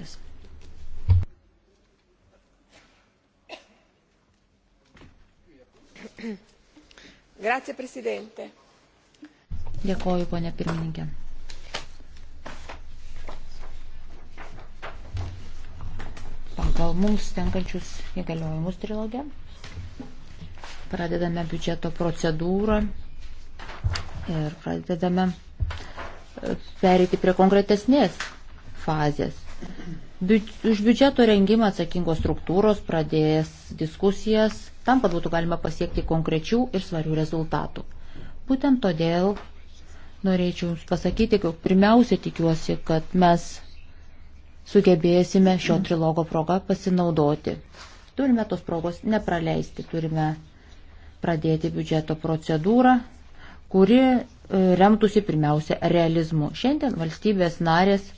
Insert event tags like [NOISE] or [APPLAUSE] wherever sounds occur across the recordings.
žodis. Grazie, Presidente. Dėkoju, ponė pirmininkė. Pagal mums tenkančius įgaliojimus trilogė pradedame biudžeto procedūrą ir pradedame e, perėti prie konkretesnės fazės. Biudž, už biudžeto rengimą atsakingos struktūros pradės diskusijas tam, kad būtų galima pasiekti konkrečių ir svarių rezultatų. Būtent todėl norėčiau Jums pasakyti, kad pirmiausia tikiuosi, kad mes sugebėsime šio trilogo progą pasinaudoti. Turime tos progos nepraleisti, turime pradėti biudžeto procedūrą, kuri e, remtųsi pirmiausia realizmu. Šiandien valstybės narės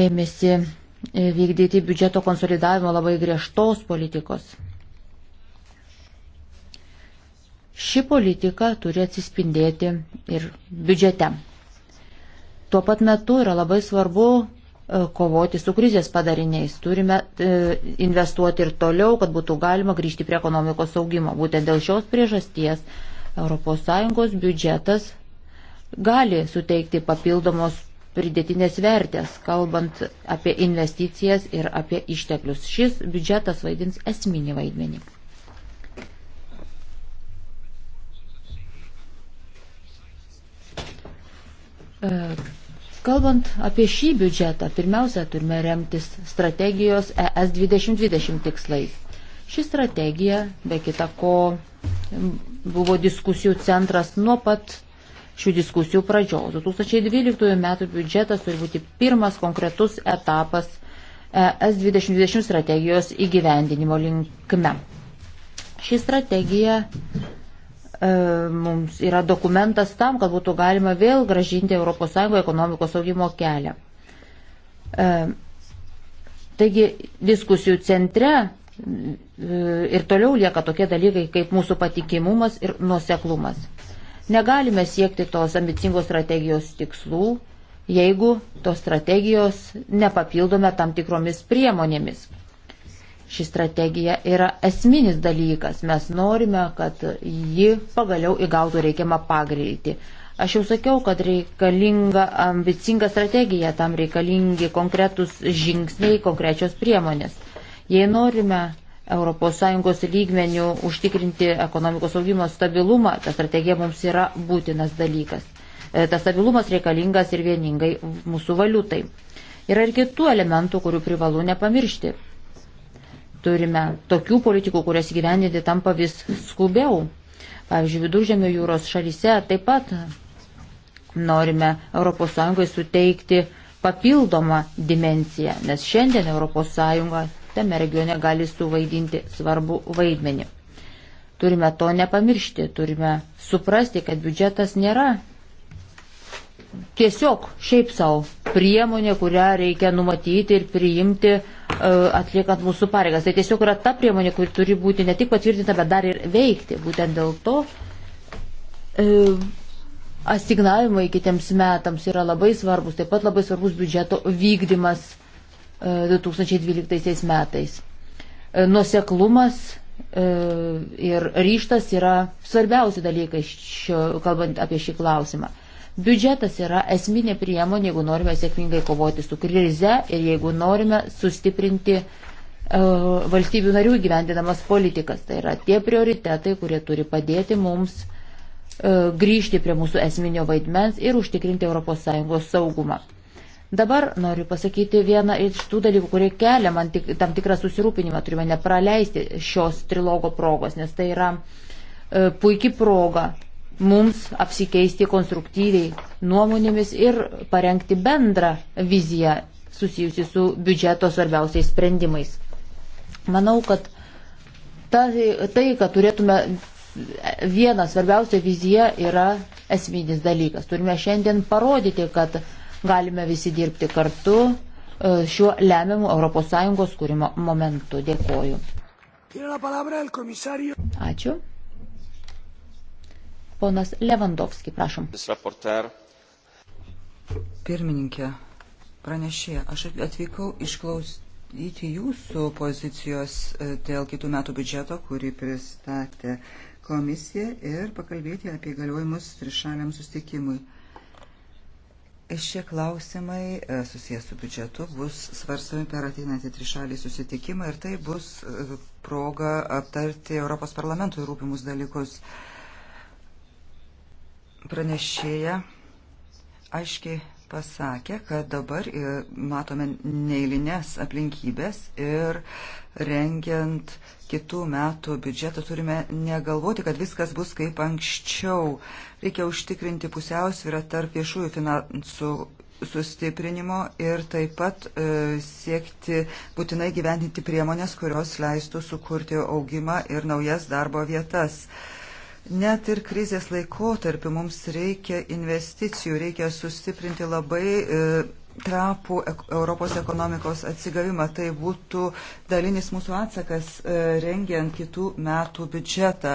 ėmėsi e, vykdyti biudžeto konsolidavimo labai griežtos politikos. Ši politika turi atsispindėti ir biudžete. Tuo pat metu yra labai svarbu e, kovoti su krizės padariniais. Turime e, investuoti ir toliau, kad būtų galima grįžti prie ekonomikos augimo. Būtent dėl šios priežasties ES biudžetas gali suteikti papildomos pridėtinės vertės, kalbant apie investicijas ir apie išteklius. Šis biudžetas vaidins esminį vaidmenį. E, kalbant apie šį biudžetą, pirmiausia, turime remtis strategijos ES 2020 tikslais. Ši strategija, be kita ko, buvo diskusijų centras nuo pat šių diskusijų pradžios. 2012 m. biudžetas turi būti pirmas konkretus etapas ES 2020 strategijos įgyvendinimo linkme. Ši strategija e, mums yra dokumentas tam, kad būtų galima vėl gražinti ES ekonomikos augimo kelią. E, taigi diskusijų centre e, ir toliau lieka tokie dalykai kaip mūsų patikimumas ir nuoseklumas. Negalime siekti tos ambicingos strategijos tikslų, jeigu tos strategijos nepapildome tam tikromis priemonėmis. Ši strategija yra esminis dalykas. Mes norime, kad ji pagaliau įgautų reikiamą pagreitį. Aš jau sakiau, kad reikalinga ambicinga strategija, tam reikalingi konkretus žingsniai, konkrečios priemonės. Jei norime ES lygmenių užtikrinti ekonomikos augimo stabilumą, ta strategija mums yra būtinas dalykas. E, tas stabilumas reikalingas ir vieningai mūsų valiutai. Yra ir kitų elementų, kurių privalu nepamiršti. Turime tokių politikų, kurias gyvendinti tampa vis skubiau. Pavyzdžiui, viduržėmio jūros šalyse taip pat norime ES suteikti papildomą dimenciją, nes šiandien ES tame regione gali suvaidinti svarbu vaidmenį. Turime to nepamiršti, turime suprasti, kad biudžetas nėra tiesiog šiaip savo priemonė, kurią reikia numatyti ir priimti e, atliekant mūsų pareigas. Tai tiesiog yra ta priemonė, kuri turi būti ne tik patvirtinta, bet dar ir veikti. Būtent dėl to e, asignavimai kitiems metams yra labai svarbus, taip pat labai svarbus biudžeto vykdymas 2012 metais. E, Nuseklumas e, ir ryštas yra svarbiausi dalykai, šio, kalbant apie šį klausimą. Biudžetas yra esminė priemonė, jeigu norime sėkmingai kovoti su krize ir jeigu norime sustiprinti e, valstybių narių gyvendinamas politikas. Tai yra tie prioritetai, kurie turi padėti mums grįžti prie mūsų esminio vaidmens ir užtikrinti ES saugumą. Dabar noriu pasakyti vieną iš tų dalykų, kurie kelia man tik, tam tikrą susirūpinimą, turime nepraleisti šios trilogo progos, nes tai yra e, puikia proga mums apsikeisti konstruktyviai nuomonėmis ir parengti bendrą viziją susijusi su biudžeto svarbiausiais sprendimais. Manau, kad ta, tai, kad turėtume vieną svarbiausią viziją, yra esminis dalykas. Turime šiandien parodyti, kad galime visi dirbti kartu e, šiuo lemiamu ES kūrimo momentu. Dėkoju. Ačiū. Ponas Levandovski, prašom. Pirmininkė, pranešė, aš atvykau išklausyti jūsų pozicijos e, dėl kitų metų biudžeto, kurį pristatė komisija ir pakalbėti apie galiojimus trišaliam sustikimui. Šie klausimai e, susijęs su biudžetu bus svarstami per ateinantį trišalį susitikimą ir tai bus e, proga aptarti Europos parlamentui rūpimus dalykus. Pranešėja aiškiai pasakė, kad dabar matome neįlinės aplinkybės ir rengiant kitų metų biudžetą turime negalvoti, kad viskas bus kaip anksčiau. Reikia užtikrinti pusiausvyrą tarp viešųjų finansų sustiprinimo ir taip pat e, siekti būtinai gyventinti priemonės, kurios leistų sukurti augimą ir naujas darbo vietas. E, Net ir krizės laikotarpiu mums reikia investicijų, reikia sustiprinti labai e, trapų ek, Europos ekonomikos atsigavimą. Tai būtų dalinis mūsų atsakas e, rengiant kitų metų biudžetą.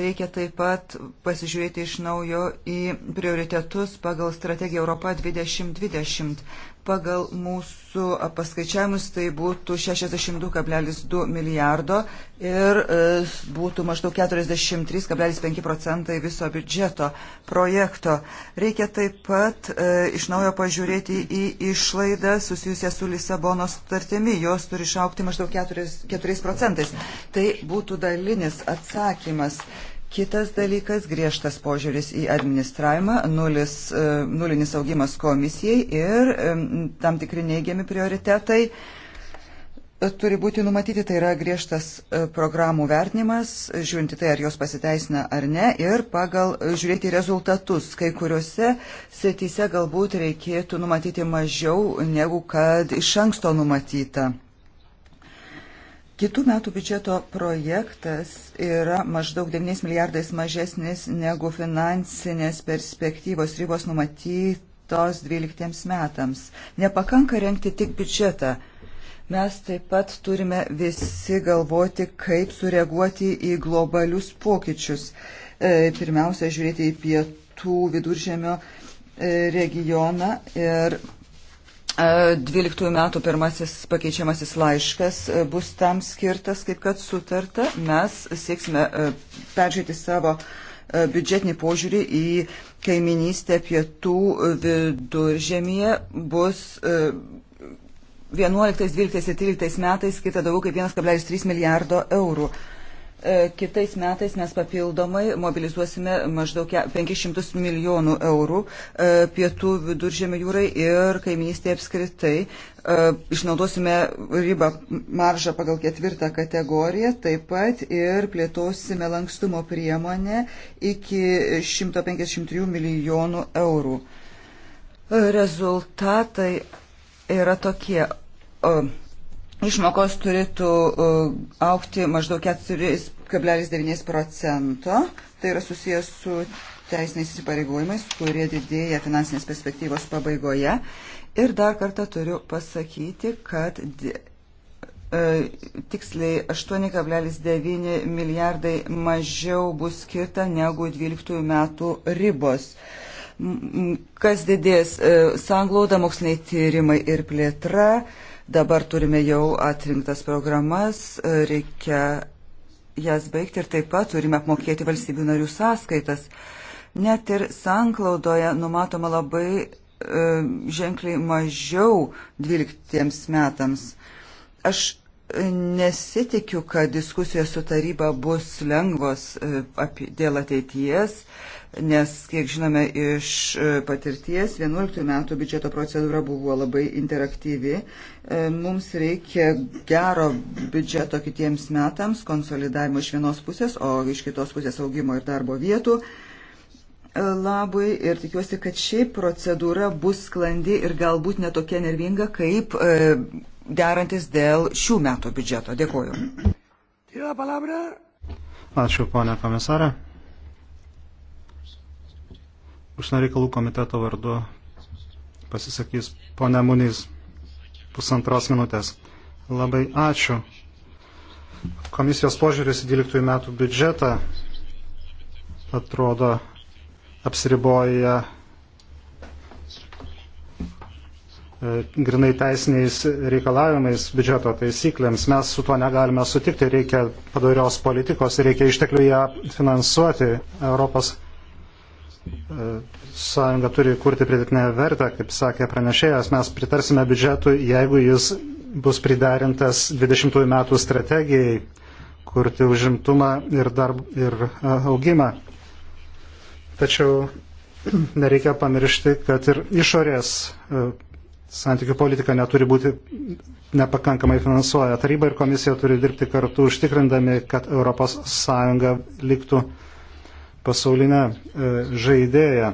Reikia taip pat pasižiūrėti iš naujo į prioritetus pagal strategiją Europa 2020. Pagal mūsų paskaičiavimus tai būtų 62,2 milijardo ir e, būtų maždaug 43,5 procentai viso biudžeto projekto. Reikia taip pat e, iš naujo pažiūrėti į išlaidą susijusią su Lisabono sutartimi. Jos turi išaukti maždaug 4, 4 procentais. Tai būtų dalinis atsakymas. Kitas dalykas - griežtas požiūris į administravimą, nulis, e, nulinis augimas komisijai ir e, tam tikri neigiami prioritetai e, turi būti numatyti, tai yra griežtas programų vertinimas, žiūrinti tai, ar jos pasiteisina ar ne, ir pagal žiūrėti rezultatus. Kai kuriuose srityse galbūt reikėtų numatyti mažiau, negu kad iš anksto numatyta. Kitų metų biudžeto projektas yra maždaug 9 milijardais mažesnis negu finansinės perspektyvos ribos numatytos 12 metams. Nepakanka renkti tik biudžetą. Mes taip pat turime visi galvoti, kaip sureaguoti į globalius pokyčius. E, pirmiausia, žiūrėti į pietų viduržėmio e, regioną ir 12 e, metų pirmasis pakeičiamasis laiškas e, bus tam skirtas, kaip kad sutarta. Mes sieksime e, peržiūrėti savo biudžetinį požiūrį į kaiminystę pietų viduržemyje. Bus 11, 12 ir 13 metais skirta daugiau kaip 1,3 milijardo eurų. E, kitais metais mes papildomai mobilizuosime maždaug 500 milijonų eurų e, pietų viduržėmio jūrai ir kaiminystėje apskritai. E, išnaudosime ribą maržą pagal ketvirtą kategoriją, taip pat ir plėtosime lankstumo priemonę iki 153 milijonų eurų. Rezultatai yra tokie. Uh, išmokos turėtų e, aukti maždaug 4,9 procento. Tai yra susijęs su teisiniais įsipareigojimais, kurie didėja finansinės perspektyvos pabaigoje. Ir dar kartą turiu pasakyti, kad e, tiksliai 8,9 milijardai mažiau bus skirta negu 12 metų ribos kas didės e, sanglauda, moksliniai tyrimai ir plėtra, Dabar turime jau atrinktas programas, e, reikia jas baigti ir taip pat turime apmokėti valstybių narių sąskaitas. Net ir sanklaudoje numatoma labai e, ženkliai mažiau 12 metams. Aš nesitikiu, kad diskusijos su taryba bus lengvos e, apie, dėl ateities. E, nes, kiek žinome iš e, patirties, 11 metų biudžeto procedūra buvo labai interaktyvi. E, mums reikia gero biudžeto kitiems metams, konsolidavimo iš vienos pusės, o iš kitos pusės augimo ir darbo vietų e, labui ir tikiuosi, kad ši procedūra bus sklandi ir galbūt netokia nervinga, kaip derantis dėl šių metų biudžeto. Dėkuoju. Ačiū, ponia komisarė užsienio reikalų komiteto vardu pasisakys ponia Munys pusantros minutės. Labai ačiū. Komisijos požiūris į 12 metų biudžetą atrodo apsiriboja e, grinai teisiniais reikalavimais biudžeto taisyklėms. Mes su tuo negalime sutikti, reikia padarios politikos, reikia išteklių ją finansuoti. Europos sąjunga turi kurti pridėtinę vertę, kaip sakė pranešėjas, mes pritarsime biudžetui, jeigu jis bus priderintas 20 metų strategijai kurti užimtumą ir, darb, ir e, augimą. Tačiau [CLEARS THROAT] nereikia pamiršti, kad ir išorės e, santykių politika neturi būti nepakankamai finansuoja. Taryba ir komisija turi dirbti kartu, užtikrindami, kad ES liktų pasaulinę e, žaidėją.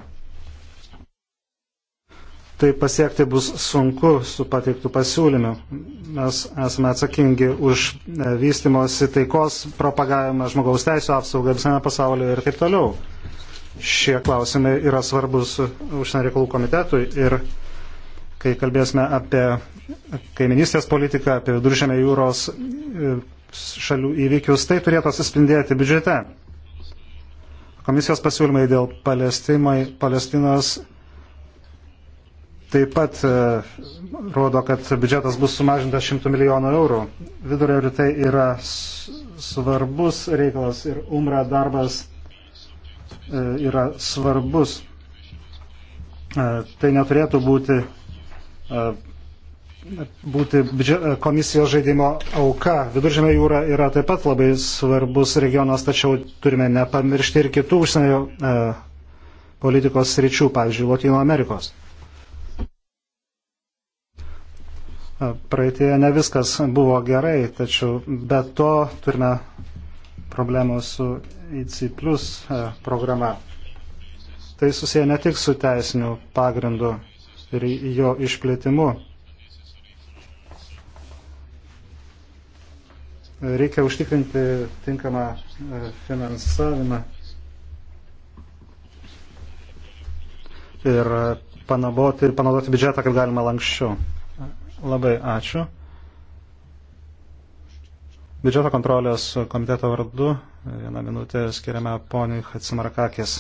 Tai pasiekti bus sunku su pateiktų pasiūlymu. Mes esame atsakingi už e, vystimosi taikos propagavimą, žmogaus teisų apsaugą visame pasaulyje ir taip toliau. Šie klausimai yra svarbus užsienio reikalų komitetui ir kai kalbėsime apie kaiminystės politiką, apie viduržėmė jūros e, šalių įvykius, tai turėtų atsispindėti biudžete. Komisijos pasiūlymai dėl Palestinos taip pat e, rodo, kad biudžetas bus sumažintas 100 milijonų eurų. Vidurio rytai yra svarbus reikalas ir umra darbas e, yra svarbus. E, tai neturėtų būti būti e, komisijos žaidimo auka. Viduržėmė jūra yra taip pat labai svarbus regionas, tačiau turime nepamiršti ir kitų užsienio e, politikos sričių, pavyzdžiui, Latino Amerikos. E, Praeitėje ne viskas buvo gerai, tačiau be to turime problemų su IC plus e, programa. Tai susiję ne tik su teisiniu pagrindu ir jo išplėtimu reikia užtikrinti tinkamą e, finansavimą. Ir e, panaboti, panaudoti biudžetą, kad galima lankščiau. Labai ačiū. Biudžeto kontrolės komiteto vardu vieną minutę skiriame poniai Hatsimarakakis.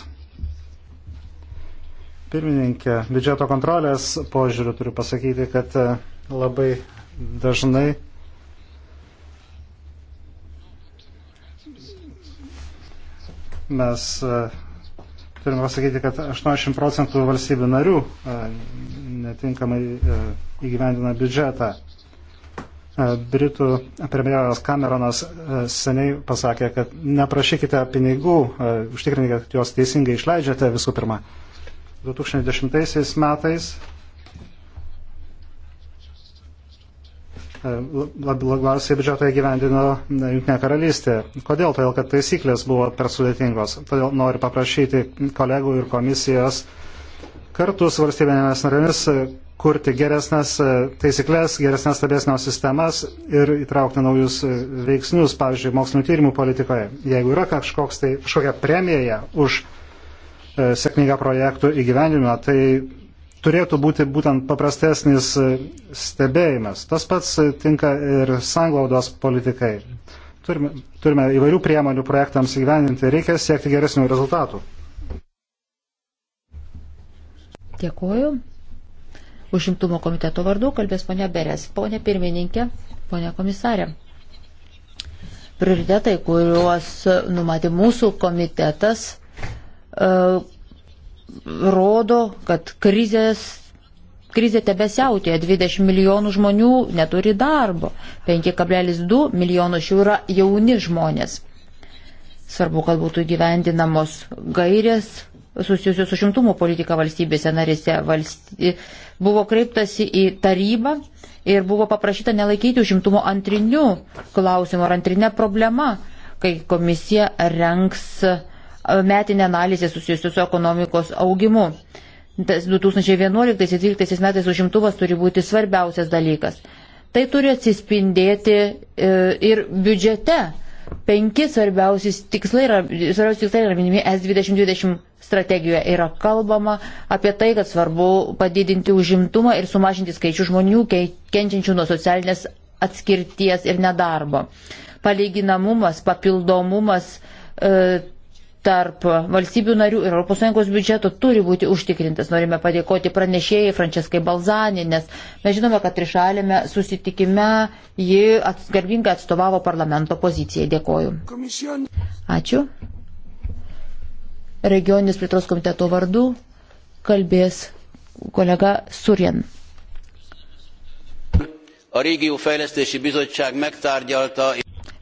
Pirmininkė, biudžeto kontrolės požiūriu turiu pasakyti, kad e, labai dažnai mes e, turime pasakyti, kad 80 procentų valstybių narių e, netinkamai e, įgyvendina biudžetą. Britų premjeras Cameronas seniai pasakė, kad neprašykite pinigų, užtikrinkite, kad juos teisingai išleidžiate visų pirma. 2010 metais labiausiai biudžetą įgyvendino Junktinė karalystė. Kodėl? Todėl, kad taisyklės buvo per sudėtingos. Todėl noriu paprašyti kolegų ir komisijos kartu su valstybinėmis narėmis kurti geresnės e, taisyklės, geresnės stebėsnios sistemas ir įtraukti naujus e, veiksnius, pavyzdžiui, mokslinio tyrimų politikoje. Jeigu yra kažkoks, tai kažkokia premija už e, sėkmingą projektų įgyvendinimą, tai turėtų būti būtent paprastesnis e, stebėjimas. Tas pats e, tinka ir sanglaudos politikai. Turime, turime įvairių priemonių projektams įgyveninti, reikia siekti geresnių rezultatų. Dėkuoju. Užimtumo komiteto vardu kalbės ponia Beres. Pone pirmininkė, ponia komisarė. Prioritetai, kuriuos numatė mūsų komitetas, uh, rodo, kad krizės, krizė tebesiautėja, 20 milijonų žmonių neturi darbo, 5,2 milijonų šių yra jauni žmonės. Svarbu, kad būtų gyvendinamos gairės susijusios su šimtumo politika valstybėse narėse. Valsty... Buvo kreiptasi į tarybą ir buvo paprašyta nelaikyti užimtumo antriniu klausimu ar antrinė problema, kai komisija renks uh, metinę analizę susijusiu su ekonomikos augimu. 2011-2012 metais užimtumas turi būti svarbiausias dalykas. Tai turi atsispindėti e, ir biudžete. Penki svarbiausi tikslai yra, svarbiausi tikslai yra minimi S2020 strategijoje. Yra kalbama apie tai, kad svarbu padidinti užimtumą ir sumažinti skaičių žmonių kenčiančių nuo socialinės atskirties ir nedarbo. Palyginamumas, papildomumas. E, tarp valstybių narių ir ES biudžeto turi būti užtikrintas. Norime padėkoti pranešėjai Franceskai Balzanį, nes mes žinome, kad trišalėme susitikime ji garbingai atstovavo parlamento poziciją. Dėkoju. Ačiū. Regioninis plėtros komiteto vardu kalbės kolega Surien. A Régiófejlesztési Bizottság megtárgyalta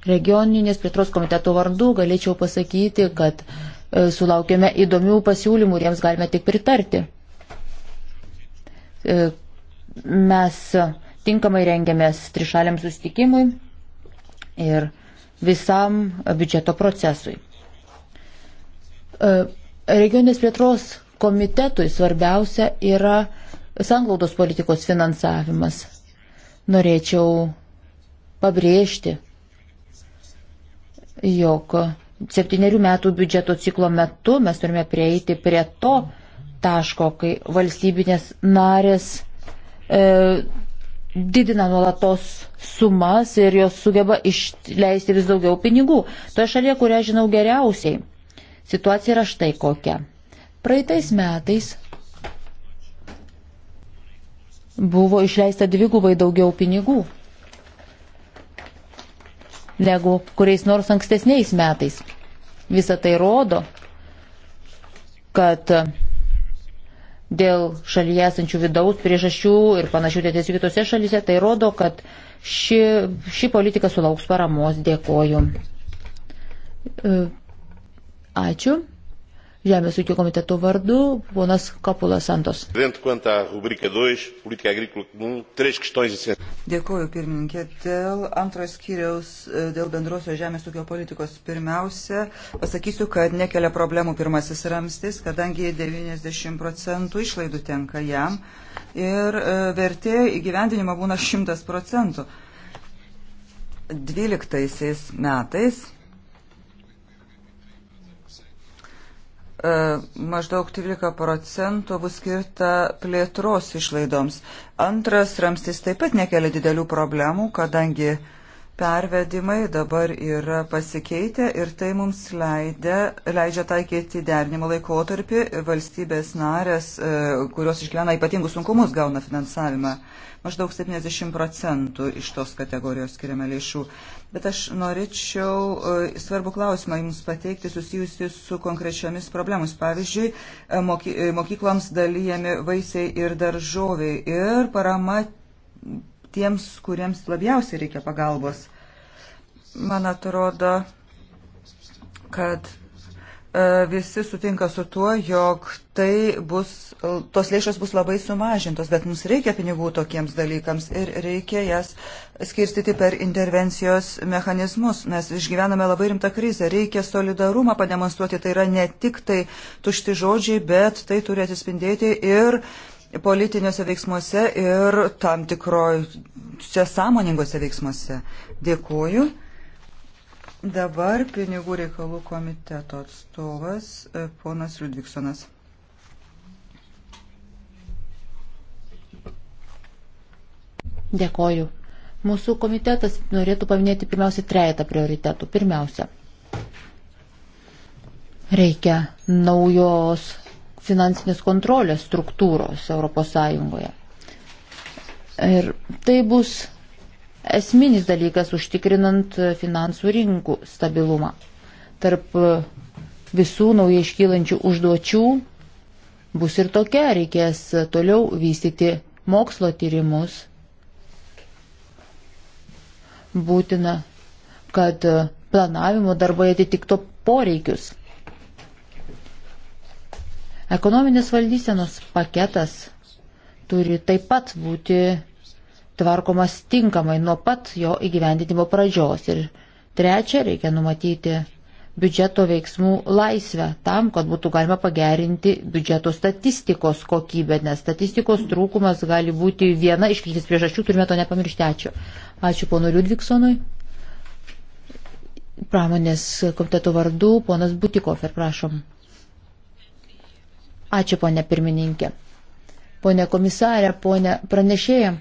regioninės plėtros komiteto vardu galėčiau pasakyti, kad e, sulaukėme įdomių pasiūlymų ir jiems galime tik pritarti. E, mes tinkamai rengiamės trišaliam sustikimui ir visam biudžeto procesui. E, regioninės plėtros komitetui svarbiausia yra sanglaudos politikos finansavimas. Norėčiau pabrėžti, jog septyniarių metų biudžeto ciklo metu mes turime prieiti prie to taško, kai valstybinės narės e, didina nuolatos sumas ir jos sugeba išleisti vis daugiau pinigų. Toje šalyje, kurią žinau geriausiai, situacija yra štai kokia. Praeitais metais buvo išleista dvigubai daugiau pinigų negu kuriais nors ankstesniais metais. Visą tai rodo, kad dėl šalyje esančių vidaus priežasčių ir panašių tiesių kitose šalyse, tai rodo, kad ši, ši politika sulauks paramos. Dėkoju. E, ačiū. Žemės ūkio komiteto vardu, ponas Kapulas Santos. Dėkuoju, pirmininkė. Dėl antros skyriaus, e, dėl bendrosios žemės ūkio politikos pirmiausia, pasakysiu, kad nekelia problemų pirmasis ramstis, kadangi 90 procentų išlaidų tenka jam ir e, vertė įgyvendinimo būna 100 procentų. 12 metais E, maždaug 13 procentų bus skirta plėtros išlaidoms. Antras ramstis taip pat nekelia didelių problemų, kadangi pervedimai dabar yra pasikeitę ir tai mums leidė, leidžia taikyti derinimo laikotarpį valstybės narės, e, kurios išgyvena ypatingus sunkumus, gauna finansavimą. Maždaug 70 procentų iš tos kategorijos skiriame lėšų bet aš norėčiau e, svarbu klausimą jums pateikti susijusi su konkrečiomis problemus. Pavyzdžiui, e, moky, e, mokykloms dalyjami vaisiai ir daržoviai ir parama tiems, kuriems labiausiai reikia pagalbos. Man atrodo, kad E, visi sutinka su tuo, jog tai bus, tos lėšos bus labai sumažintos, bet mums reikia pinigų tokiems dalykams ir reikia jas skirstyti per intervencijos mechanizmus. Mes išgyvename labai rimtą krizę, reikia solidarumą pademonstruoti, tai yra ne tik tai tušti žodžiai, bet tai turi atsispindėti ir politiniuose veiksmuose ir tam tikroj čia sąmoningose veiksmuose. Dėkuoju. Dabar pinigų reikalų komiteto atstovas e, ponas Liudviksonas. Dėkoju. Mūsų komitetas norėtų paminėti pirmiausia trejata prioritetų. Pirmiausia, reikia naujos finansinės kontrolės struktūros ES. Ir tai bus esminis dalykas užtikrinant finansų rinkų stabilumą. Tarp visų naujai iškylančių užduočių bus ir tokia, reikės toliau vystyti mokslo tyrimus. Būtina, kad planavimo darbai atitikto poreikius. Ekonominės valdysenos paketas turi taip pat būti tvarkomas tinkamai nuo pat jo įgyvendinimo pradžios. Ir trečia, reikia numatyti biudžeto veiksmų laisvę tam, kad būtų galima pagerinti biudžeto statistikos kokybę, nes statistikos trūkumas gali būti viena iš kritis priežasčių, turime to nepamiršti. Ačiū. Ačiū ponui Liudviksonui. Pramonės komiteto vardu ponas Butikofer, prašom. Ačiū ponė pirmininkė. Pone komisarė, ponė pranešėja.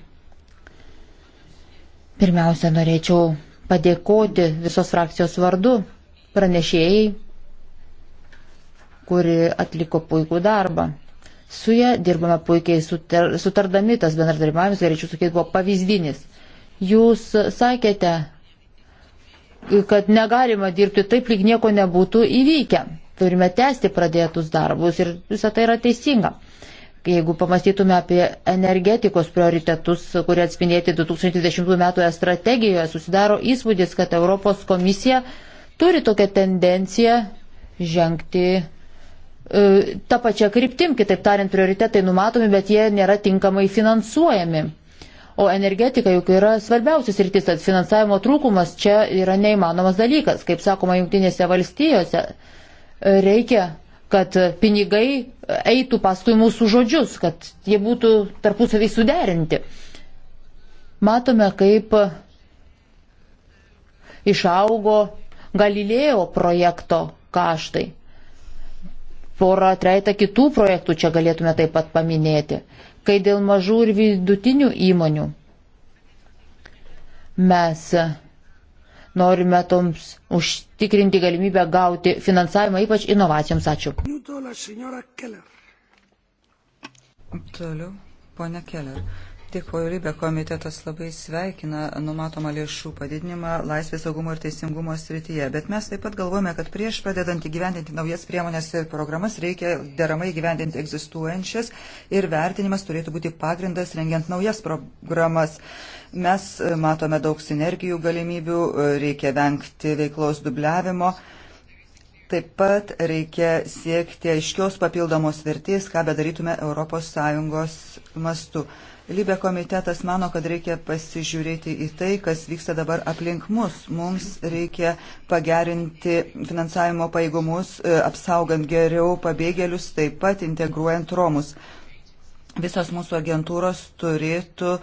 Pirmiausia, norėčiau padėkoti visos frakcijos vardu pranešėjai, kuri atliko puikų darbą. Su ją dirbame puikiai sutar, sutardami tas bendradarbiavimas, galėčiau sakyti, buvo pavyzdinis. Jūs sakėte, kad negalima dirbti taip, lyg nieko nebūtų įvykę. Turime tęsti pradėtus darbus ir visą tai yra teisinga. Jeigu pamastytume apie energetikos prioritetus, kurie atspindėti 2010 m. E strategijoje, susidaro įspūdis, kad Europos komisija turi tokią tendenciją žengti e, tą pačią kryptim, kitaip tariant, prioritetai numatomi, bet jie nėra tinkamai finansuojami. O energetika juk yra svarbiausias rytis, tad finansavimo trūkumas čia yra neįmanomas dalykas. Kaip sakoma, jungtinėse valstijose e, reikia kad pinigai eitų paskui mūsų žodžius, kad jie būtų tarpusavį suderinti. Matome, kaip išaugo Galilėjo projekto kaštai. Porą treitą kitų projektų čia galėtume taip pat paminėti, kai dėl mažų ir vidutinių įmonių mes norime toms užtikrinti galimybę gauti finansavimą, ypač inovacijoms. Ačiū. Toliau, ponia Keller. Dėkuoju, Libė komitetas labai sveikina numatomą lėšų padidinimą laisvės saugumo ir teisingumo srityje, bet mes taip pat galvojame, kad prieš pradedant įgyvendinti naujas priemonės ir programas reikia deramai įgyvendinti egzistuojančias ir vertinimas turėtų būti pagrindas rengiant naujas programas. Mes e, matome daug sinergijų galimybių, e, reikia vengti veiklos dubliavimo. Taip pat reikia siekti aiškios papildomos vertės, ką bedarytume ES mastu. Lybė komitetas mano, kad reikia pasižiūrėti į tai, kas vyksta dabar aplink mus. Mums reikia pagerinti finansavimo paėgumus, e, apsaugant geriau pabėgėlius, taip pat integruojant Romus. Visos mūsų agentūros turėtų e,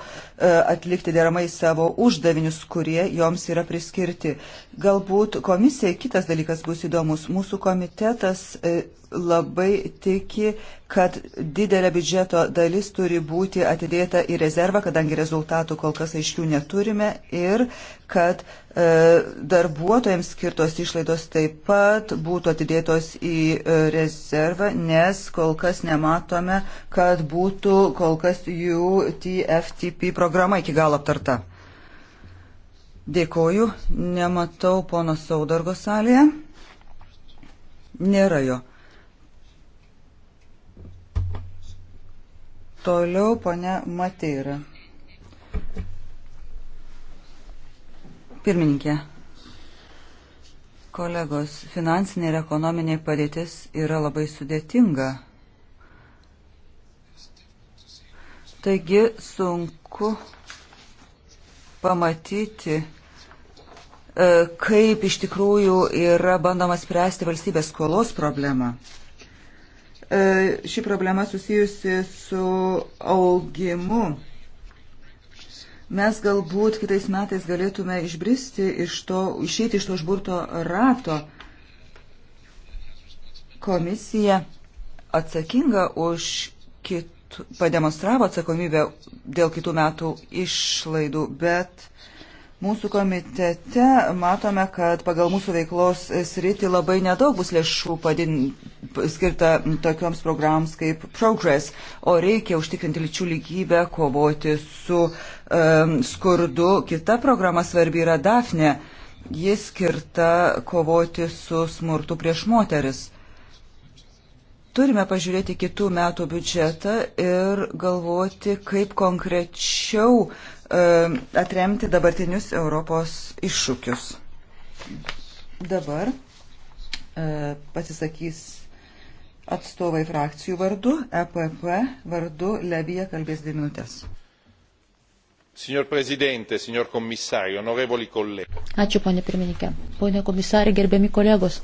atlikti deramai savo uždavinius, kurie joms yra priskirti. Galbūt komisija kitas dalykas bus įdomus. Mūsų komitetas e, labai tiki, kad didelė biudžeto dalis turi būti atidėta į rezervą, kadangi rezultatų kol kas aiškių neturime ir kad e, darbuotojams skirtos išlaidos taip pat būtų atidėtos į e, rezervą, nes kol kas nematome, kad būtų kol kas jų TFTP programa iki galo aptarta. Dėkoju, nematau pono Saudargo salėje. Nėra jo. Toliau ponia Mateira. Pirmininkė. Kolegos, finansinė ir ekonominė padėtis yra labai sudėtinga. Taigi sunku pamatyti, e, kaip iš tikrųjų yra bandoma spręsti valstybės skolos problemą. E, ši problema susijusi su augimu. Mes galbūt kitais metais galėtume išbristi iš to, išeiti iš to užburto rato. Komisija atsakinga už kitų, pademonstravo atsakomybę dėl kitų metų išlaidų, bet Mūsų komitete matome, kad pagal mūsų veiklos sritį labai nedaug bus lėšų padin... skirta tokioms programams kaip Progress, o reikia užtikrinti lyčių lygybę, kovoti su um, skurdu. Kita programa svarbi yra Dafne. Jis skirta kovoti su smurtu prieš moteris. Turime pažiūrėti kitų metų biudžetą ir galvoti, kaip konkrečiau uh, E, atremti dabartinius Europos iššūkius. Dabar e, pasisakys atstovai frakcijų vardu, EPP vardu Levija kalbės dvi minutės. Signor Presidente, signor Commissario, onorevoli colleghi. Ačiū, ponė pirmininkė. Pone komisarė, gerbiami kolegos.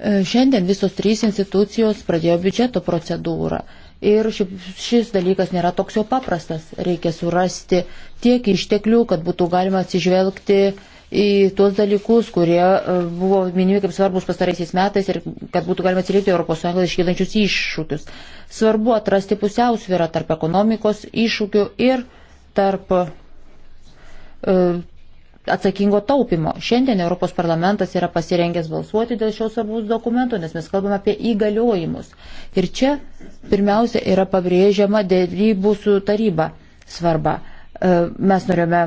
E, šiandien visos trys institucijos pradėjo biudžeto procedūrą. Ir šis dalykas nėra toks jau paprastas. Reikia surasti tiek išteklių, kad būtų galima atsižvelgti į tuos dalykus, kurie e, buvo minimi kaip svarbus pastaraisiais metais ir kad būtų galima atsiliepti ES iškylančius iššūkius. Svarbu atrasti pusiausvyrą tarp ekonomikos iššūkių ir tarp e, atsakingo taupimo. Šiandien Europos parlamentas yra pasirengęs balsuoti dėl šios svarbus dokumento, nes mes kalbame apie įgaliojimus. Ir čia pirmiausia yra pabrėžiama dėrybų su taryba svarba. E, mes norėjome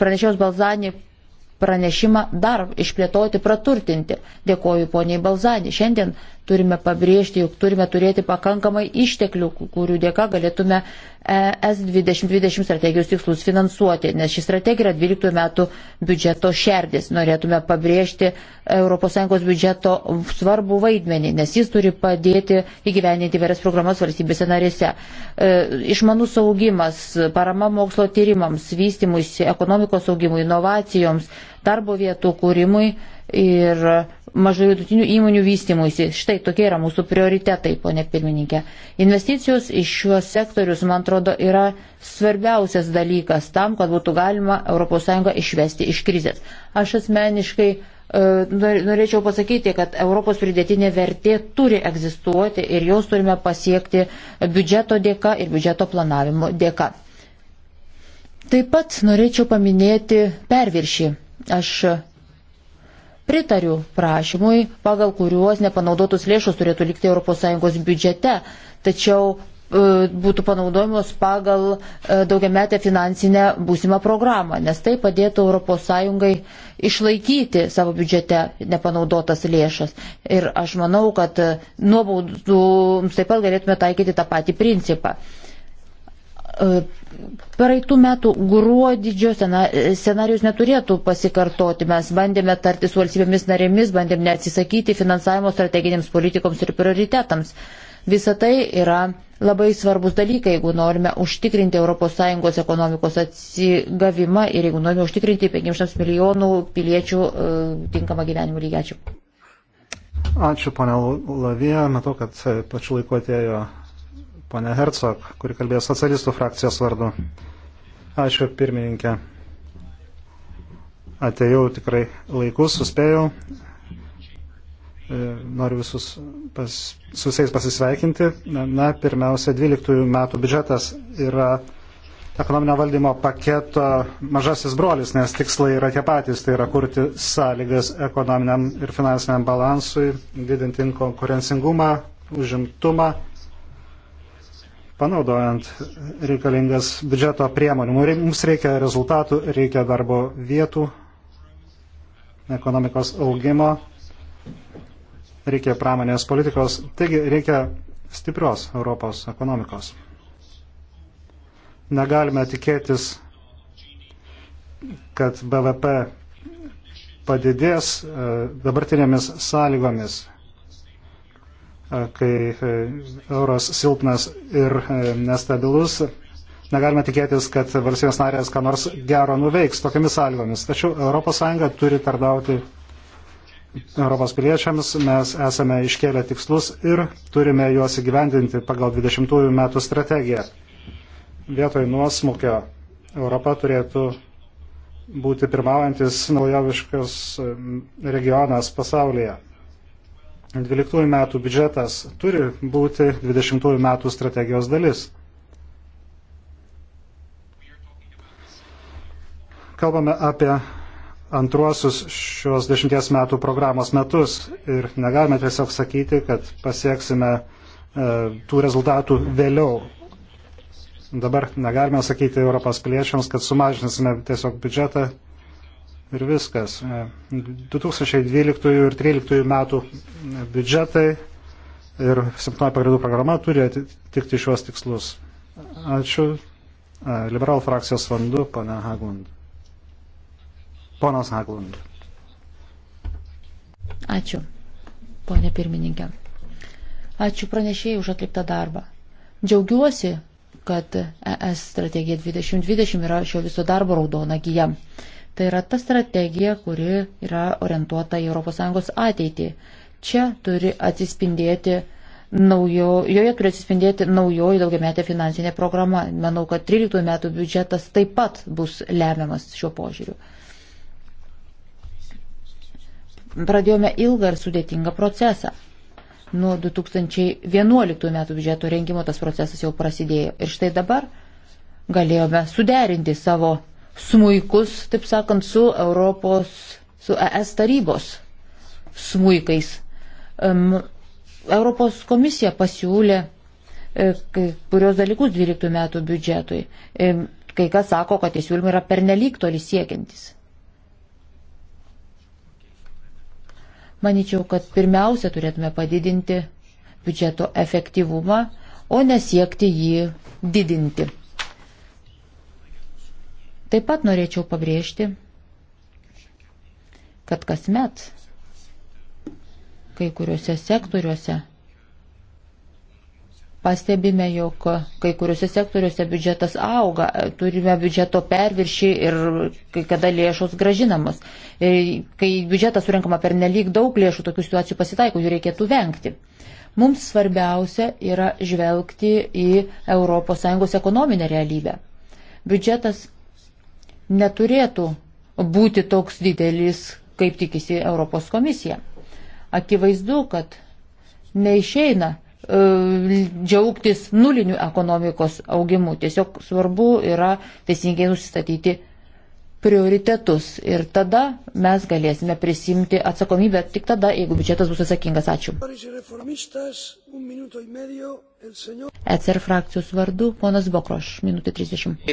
pranešėjos Balzanį pranešimą dar išplėtoti, praturtinti. Dėkoju poniai Balzanį. Šiandien Turime pabrėžti, jog turime turėti pakankamai išteklių, kurių dėka galėtume e, ES 2020 strategijos tikslus finansuoti, nes ši strategija yra 12 metų biudžeto šerdis. Norėtume pabrėžti ES biudžeto svarbų vaidmenį, nes jis turi padėti įgyveninti įvairias programas valstybėse narėse. E, išmanus augimas, parama mokslo tyrimams, vystimuisi, ekonomikos augimui, inovacijoms, darbo vietų kūrimui ir mažai vidutinių įmonių vystimuisi. Štai tokie yra mūsų prioritetai, ponė pirmininkė. Investicijos iš šiuos sektorius, man atrodo, yra svarbiausias dalykas tam, kad būtų galima ES išvesti iš krizės. Aš asmeniškai e, norėčiau pasakyti, kad Europos pridėtinė vertė turi egzistuoti ir jos turime pasiekti biudžeto dėka ir biudžeto planavimo dėka. Taip pat norėčiau paminėti perviršį. Aš Pritariu prašymui, pagal kuriuos nepanaudotus lėšus turėtų likti ES biudžete, tačiau e, būtų panaudojamos pagal e, daugiametę finansinę būsimą programą, nes tai padėtų ES išlaikyti savo biudžete nepanaudotas lėšas. Ir aš manau, kad e, nuobaudų taip pat galėtume taikyti tą patį principą. E, praeitų metų gruodidžio e, scenarius neturėtų pasikartoti. Mes bandėme tarti su valstybėmis narėmis, bandėme neatsisakyti finansavimo strateginėms politikoms ir prioritetams. Visa tai yra labai svarbus dalykai, jeigu norime užtikrinti ES ekonomikos atsigavimą ir jeigu norime užtikrinti 500 milijonų piliečių e, tinkamą gyvenimo lygį. Ačiū. Ačiū, ponia Lavija. Matau, kad pačiu laiku atėjo ponė Hercog, kuri kalbėjo socialistų frakcijos vardu. Ačiū pirmininkė. Atėjau tikrai laikus, suspėjau. E, noriu visus pas, susiais pasisveikinti. Na, pirmiausia, 12 metų biudžetas yra ekonominio valdymo paketo mažasis brolis, nes tikslai yra tie patys, tai yra kurti sąlygas ekonominiam ir finansiniam balansui, didinti konkurencingumą, užimtumą panaudojant reikalingas biudžeto priemonių. Mums reikia rezultatų, reikia darbo vietų, ekonomikos augimo, reikia pramonės politikos, taigi reikia stiprios Europos ekonomikos. Negalime tikėtis, kad BVP padidės e, dabartinėmis sąlygomis kai e, euras silpnas ir e, nestabilus, negalime tikėtis, kad valstybės narės ką nors gero nuveiks tokiamis sąlygomis. Tačiau ES turi tardauti Europos piliečiams, mes esame iškėlę tikslus ir turime juos įgyvendinti pagal 20 metų strategiją. Vietoj nuosmukio Europa turėtų būti pirmaujantis naujoviškas regionas pasaulyje. 12 metų biudžetas turi būti 20 metų strategijos dalis. Kalbame apie antruosius šios dešimties metų programos metus ir negalime tiesiog sakyti, kad pasieksime e, tų rezultatų vėliau. Dabar negalime sakyti Europos piliečiams, kad sumažinsime tiesiog biudžetą ir viskas. 2012 ir 2013 metų biudžetai ir septintoji pagrindų programa turi atitikti šiuos tikslus. Ačiū. E, Liberal frakcijos vandu, pana Haglund. Ponas Haglund. Ačiū, ponė pirmininkė. Ačiū pranešėjai už atliktą darbą. Džiaugiuosi, kad ES strategija 2020 yra šio viso darbo raudona gyja. Tai yra ta strategija, kuri yra orientuota į ES ateitį. Čia turi atsispindėti naujo, joje turi atsispindėti naujoji daugiametė finansinė programa. Manau, kad 13 metų biudžetas taip pat bus lemiamas šiuo požiūriu. Pradėjome ilgą ir sudėtingą procesą. Nuo 2011 metų biudžeto rengimo tas procesas jau prasidėjo. Ir štai dabar galėjome suderinti savo smuikus, taip sakant, su Europos, su ES tarybos smuikais. Um, Europos komisija pasiūlė e, kurios dalykus 12 metų biudžetui. Kai kas sako, kad tie siūlymai yra pernelyg toli siekiantis. Maničiau, kad pirmiausia turėtume padidinti biudžeto efektyvumą, o nesiekti jį didinti. Taip pat norėčiau pabrėžti, kad kasmet kai kuriuose sektoriuose pastebime, jog kai kuriuose sektoriuose biudžetas auga, turime biudžeto perviršį ir kai kada lėšos gražinamos. Ir e, kai biudžetas surinkama per nelik daug lėšų, tokių situacijų pasitaiko, jų reikėtų vengti. Mums svarbiausia yra žvelgti į ES ekonominę realybę. Biudžetas neturėtų būti toks didelis, kaip tikisi Europos komisija. Akivaizdu, kad neišeina e, džiaugtis nuliniu ekonomikos augimu. Tiesiog svarbu yra teisingai nusistatyti prioritetus ir tada mes galėsime prisimti atsakomybę tik tada, jeigu biudžetas bus atsakingas. Ačiū. ECR frakcijos vardu ponas Bokroš, minutė 30.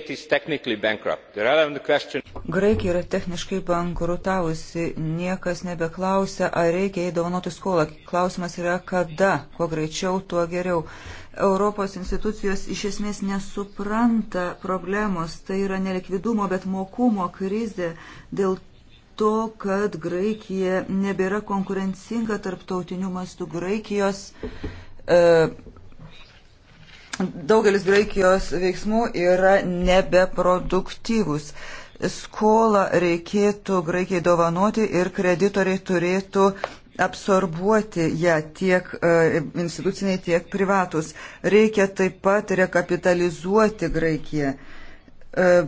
Graikija yra techniškai bankrutavusi, niekas nebeklausia, ar reikia įdovanoti skolą. Klausimas yra kada, kuo greičiau, tuo geriau. Europos institucijos iš esmės nesupranta problemos, tai yra nelikvidumo, bet mokumo krizė dėl to, kad Graikija nebėra konkurencinga tarptautiniu mastu. Graikijos, e, daugelis Graikijos veiksmų yra nebeproduktyvus. Skolą reikėtų Graikijai dovanoti ir kreditoriai turėtų absorbuoti ją tiek e, instituciniai, tiek privatus. Reikia taip pat rekapitalizuoti Graikiją. E,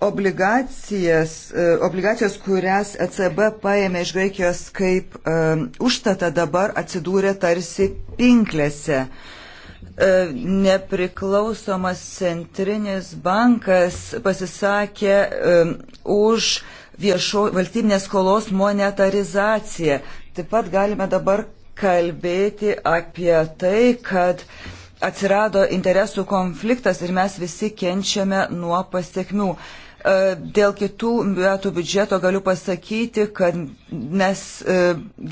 obligacijas, e, obligacijos, kurias ECB paėmė iš Graikijos kaip užtata dabar atsidūrė tarsi pinklėse nepriklausomas centrinis bankas pasisakė um, už uh, viešo valstybinės skolos monetarizacija. Taip pat galime dabar kalbėti apie tai, kad atsirado interesų konfliktas ir mes visi kenčiame nuo pasiekmių. E, dėl kitų metų biudžeto galiu pasakyti, kad mes e,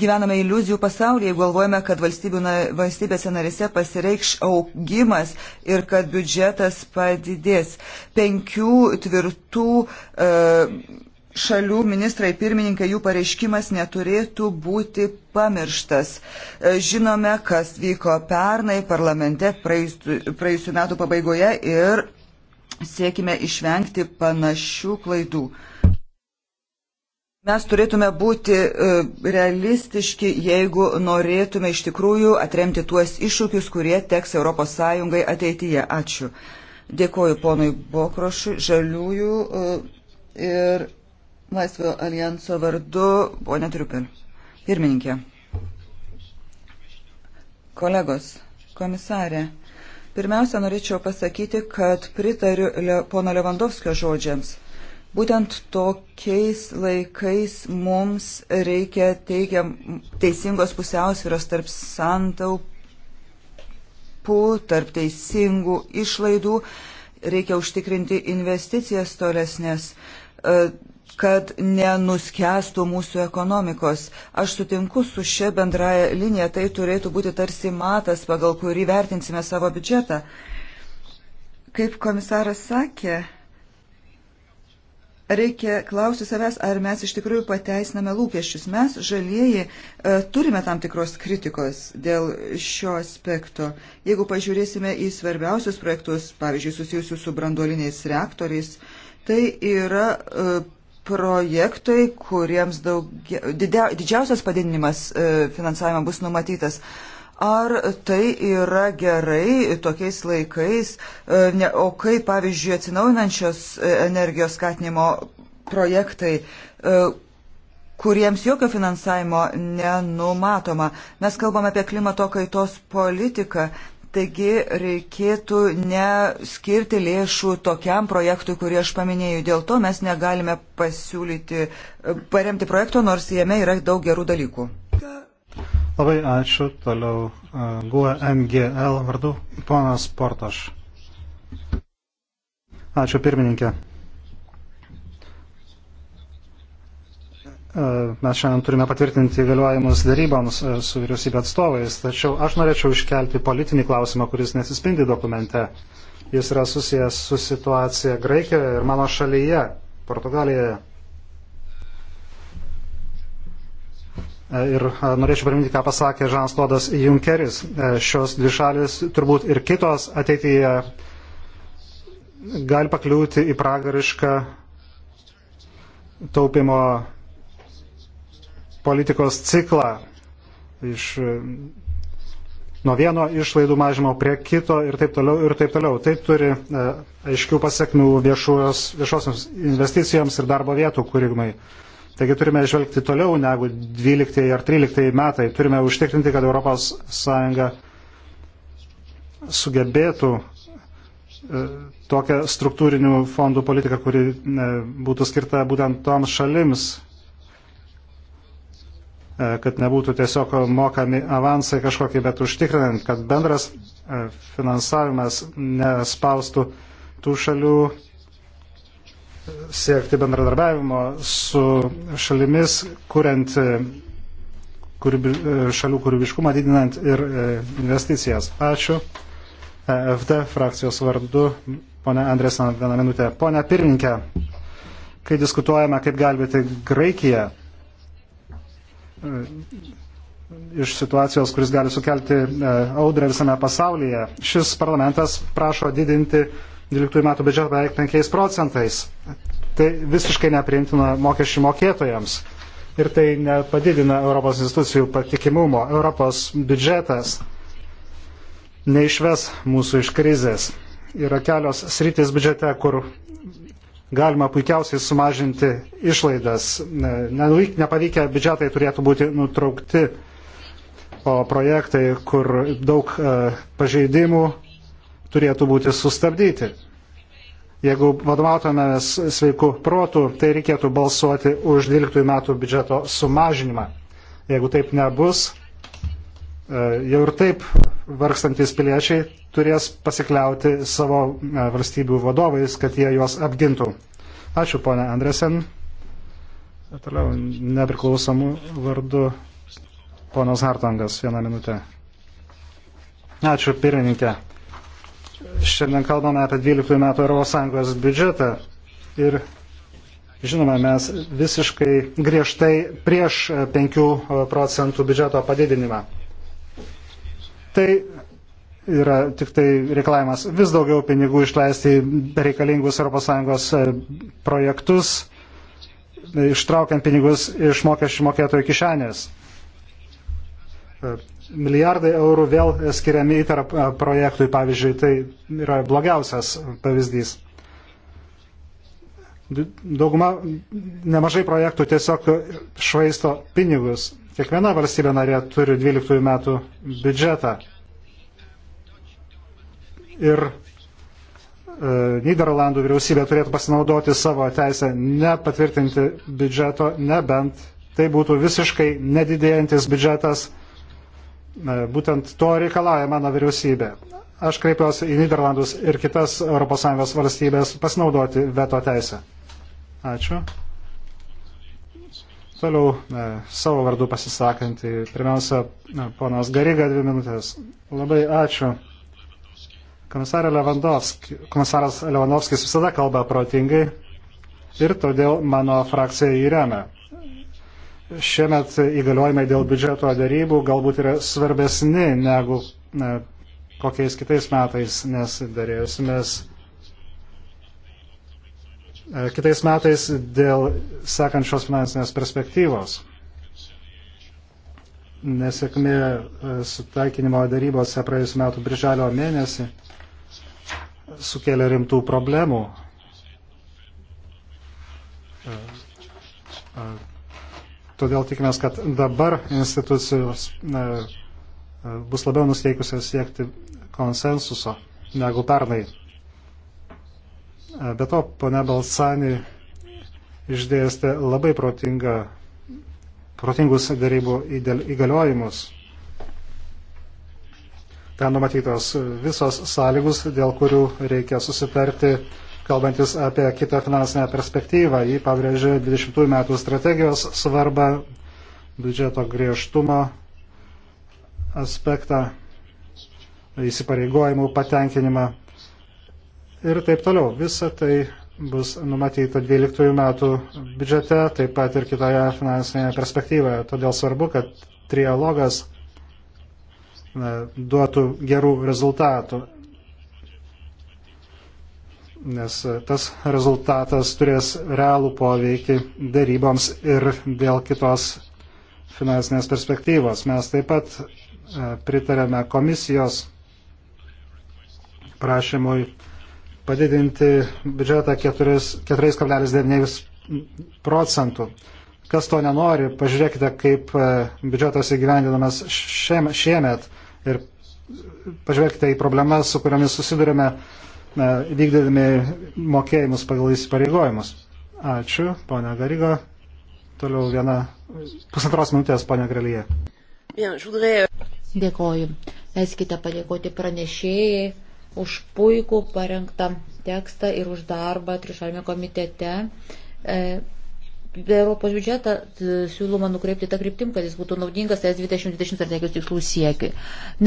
gyvename iliuzijų pasaulyje, jeigu galvojame, kad valstybėse narise pasireikš augimas ir kad biudžetas padidės. Penkių tvirtų uh, šalių ministrai pirmininkai, jų pareiškimas neturėtų būti pamirštas. E, žinome, kas vyko pernai parlamente praėjusiu metu pabaigoje ir siekime išvengti panašių klaidų. Mes turėtume būti e, realistiški, jeigu norėtume iš tikrųjų atremti tuos iššūkius, kurie teks ES ateityje. Ačiū. Dėkoju ponui Bokrošui, žaliųjų e, ir Laisvio alijanso vardu, ponė Triupel. Pirmininkė. Kolegos, komisarė. Pirmiausia, norėčiau pasakyti, kad pritariu Le, pono Levandovskio žodžiams. Būtent tokiais laikais mums reikia teigiam, teisingos pusiausvyros tarp santaupų, tarp teisingų išlaidų, reikia užtikrinti investicijas tolesnės. E, kad nenuskestų mūsų ekonomikos. Aš sutinku su šia bendraja linija, tai turėtų būti tarsi matas, pagal kurį vertinsime savo biudžetą. Kaip komisaras sakė, reikia klausti savęs, ar mes iš tikrųjų pateisiname lūkesčius. Mes, žalieji, e, turime tam tikros kritikos dėl šio aspekto. Jeigu pažiūrėsime į svarbiausius projektus, pavyzdžiui, susijusius su branduoliniais reaktoriais, tai yra e, projektui, kuriems daugia, didia, didžiausias padidinimas e, finansavimo bus numatytas. Ar tai yra gerai tokiais laikais, e, ne, o kai, pavyzdžiui, atsinaujinančios e, energijos skatinimo projektai, e, kuriems jokio finansavimo nenumatoma. Mes kalbame apie klimato kaitos politiką Taigi reikėtų neskirti lėšų tokiam projektui, kurį aš paminėjau. Dėl to mes negalime pasiūlyti, paremti projekto, nors jame yra daug gerų dalykų. Labai ačiū. Toliau e, GUE NGL vardu ponas Portaš. Ačiū pirmininkė. E, mes šiandien turime patvirtinti įgaliojimus daryboms e, su vyriausybė atstovais, tačiau aš norėčiau iškelti politinį klausimą, kuris nesispindi dokumente. Jis yra susijęs su situacija Graikijoje ir mano šalyje, Portugalijoje. E, ir norėčiau priminti, ką pasakė Žanas Klodas Junkeris. Šios dvi šalis, turbūt ir kitos ateityje gali pakliūti į pragarišką taupimo politikos ciklą iš nuo vieno išlaidų mažimo prie kito ir taip toliau ir taip toliau. Tai turi e, aiškių pasiekmių viešosioms investicijoms ir darbo vietų kūrimai. Taigi turime žvelgti toliau negu 12 ar 13 metai. Turime užtikrinti, kad ES sugebėtų e, tokią struktūrinių fondų politiką, kuri e, būtų skirta būtent toms šalims E, kad nebūtų tiesiog mokami avansai kažkokie, bet užtikrinant, kad bendras e, finansavimas nespaustų tų šalių siekti bendradarbiavimo su šalimis, kuriant e, kūrybi, šalių kūrybiškumą, didinant ir investicijas. Ačiū. FD frakcijos vardu, ponė Andrės, vieną minutę. Pone pirmininkė, kai diskutuojame, kaip gelbėti Graikiją, iš situacijos, kuris gali sukelti e, audrą visame pasaulyje. Šis parlamentas prašo didinti 12 metų biudžetą beveik 5 procentais. Tai visiškai nepriimtina mokesčių mokėtojams. Ir tai nepadidina Europos institucijų patikimumo. Europos biudžetas neišves mūsų iš krizės. Yra kelios sritis biudžete, kur galima puikiausiai sumažinti išlaidas. Nepavykę biudžetai turėtų būti nutraukti, o projektai, kur daug e, pažeidimų, turėtų būti sustabdyti. Jeigu vadovautumėmės sveiku protu, tai reikėtų balsuoti už 12 metų biudžeto sumažinimą. Jeigu taip nebus, E, jau ir taip vargstantis piliečiai turės pasikliauti savo e, valstybių vadovais, kad jie juos apgintų. Ačiū, ponė Andresen. E, toliau nepriklausomų vardu ponas Hartangas, vieną minutę. Ačiū, pirmininkė. Šiandien kalbame apie 12 metų ES biudžetą ir Žinoma, mes visiškai griežtai prieš 5 procentų biudžeto padidinimą. Tai yra tik tai reikalavimas vis daugiau pinigų išleisti reikalingus ES e, projektus, e, ištraukiant pinigus iš mokesčių mokėtojų kišenės. E, milijardai eurų vėl skiriami įtar projektui, pavyzdžiui, tai yra blogiausias pavyzdys. Dauguma, nemažai projektų tiesiog švaisto pinigus. Kiekviena valstybė narė turi 12 metų biudžetą. Ir e, Niderlandų vyriausybė turėtų pasinaudoti savo teisę nepatvirtinti biudžeto, nebent tai būtų visiškai nedidėjantis biudžetas. E, būtent to reikalauja mano vyriausybė. Aš kreipiuosi į Niderlandus ir kitas ES valstybės pasinaudoti veto teisę. Ačiū. Toliau e, savo vardu pasisakantį. Pirmiausia, e, ponas Gariga, dvi minutės. Labai ačiū. Komisarė Levandovski, komisaras Levandovskis visada kalba protingai ir todėl mano frakcija jį remia. Šiemet įgaliojimai dėl biudžeto darybų galbūt yra svarbesni negu e, kokiais kitais metais, nes darėjusimės E, kitais metais dėl sekančios finansinės perspektyvos. Nesėkmė e, sutaikinimo darybose praėjusiu metu birželio mėnesį sukėlė rimtų problemų. E, todėl tikimės, kad dabar institucijos bus labiau nusteikusios siekti konsensuso negu pernai. Be to, pane Balsani išdėstė labai protingą, protingus darybų įgaliojimus. Ten numatytos visos sąlygus, dėl kurių reikia susitarti, kalbantis apie kitą finansinę perspektyvą. Jį pabrėžė 20 metų strategijos svarbą, biudžeto griežtumo aspektą, įsipareigojimų patenkinimą ir taip toliau. Visa tai bus numatyta 12 metų biudžete, taip pat ir kitoje finansinėje perspektyvoje. Todėl svarbu, kad trialogas duotų gerų rezultatų, nes tas rezultatas turės realų poveikį daryboms ir dėl kitos finansinės perspektyvos. Mes taip pat e, pritarėme komisijos prašymui padidinti biudžetą 4,9 procentų. Kas to nenori, pažiūrėkite, kaip e, biudžetas įgyvendinamas šiemet ir pažvelkite į problemas, su kuriamis susidurime e, vykdydami mokėjimus pagal įsipareigojimus. Ačiū, ponia Garygo. Toliau viena pusantros minutės, ponia Grelyje. Euh, Dėkoju. Leiskite padėkoti pranešėjai už puikų parengtą tekstą ir už darbą trišalme komitete. E, Europos biudžetą siūloma nukreipti tą kryptim, kad jis būtų naudingas ES 2020 strategijos tikslų siekiui.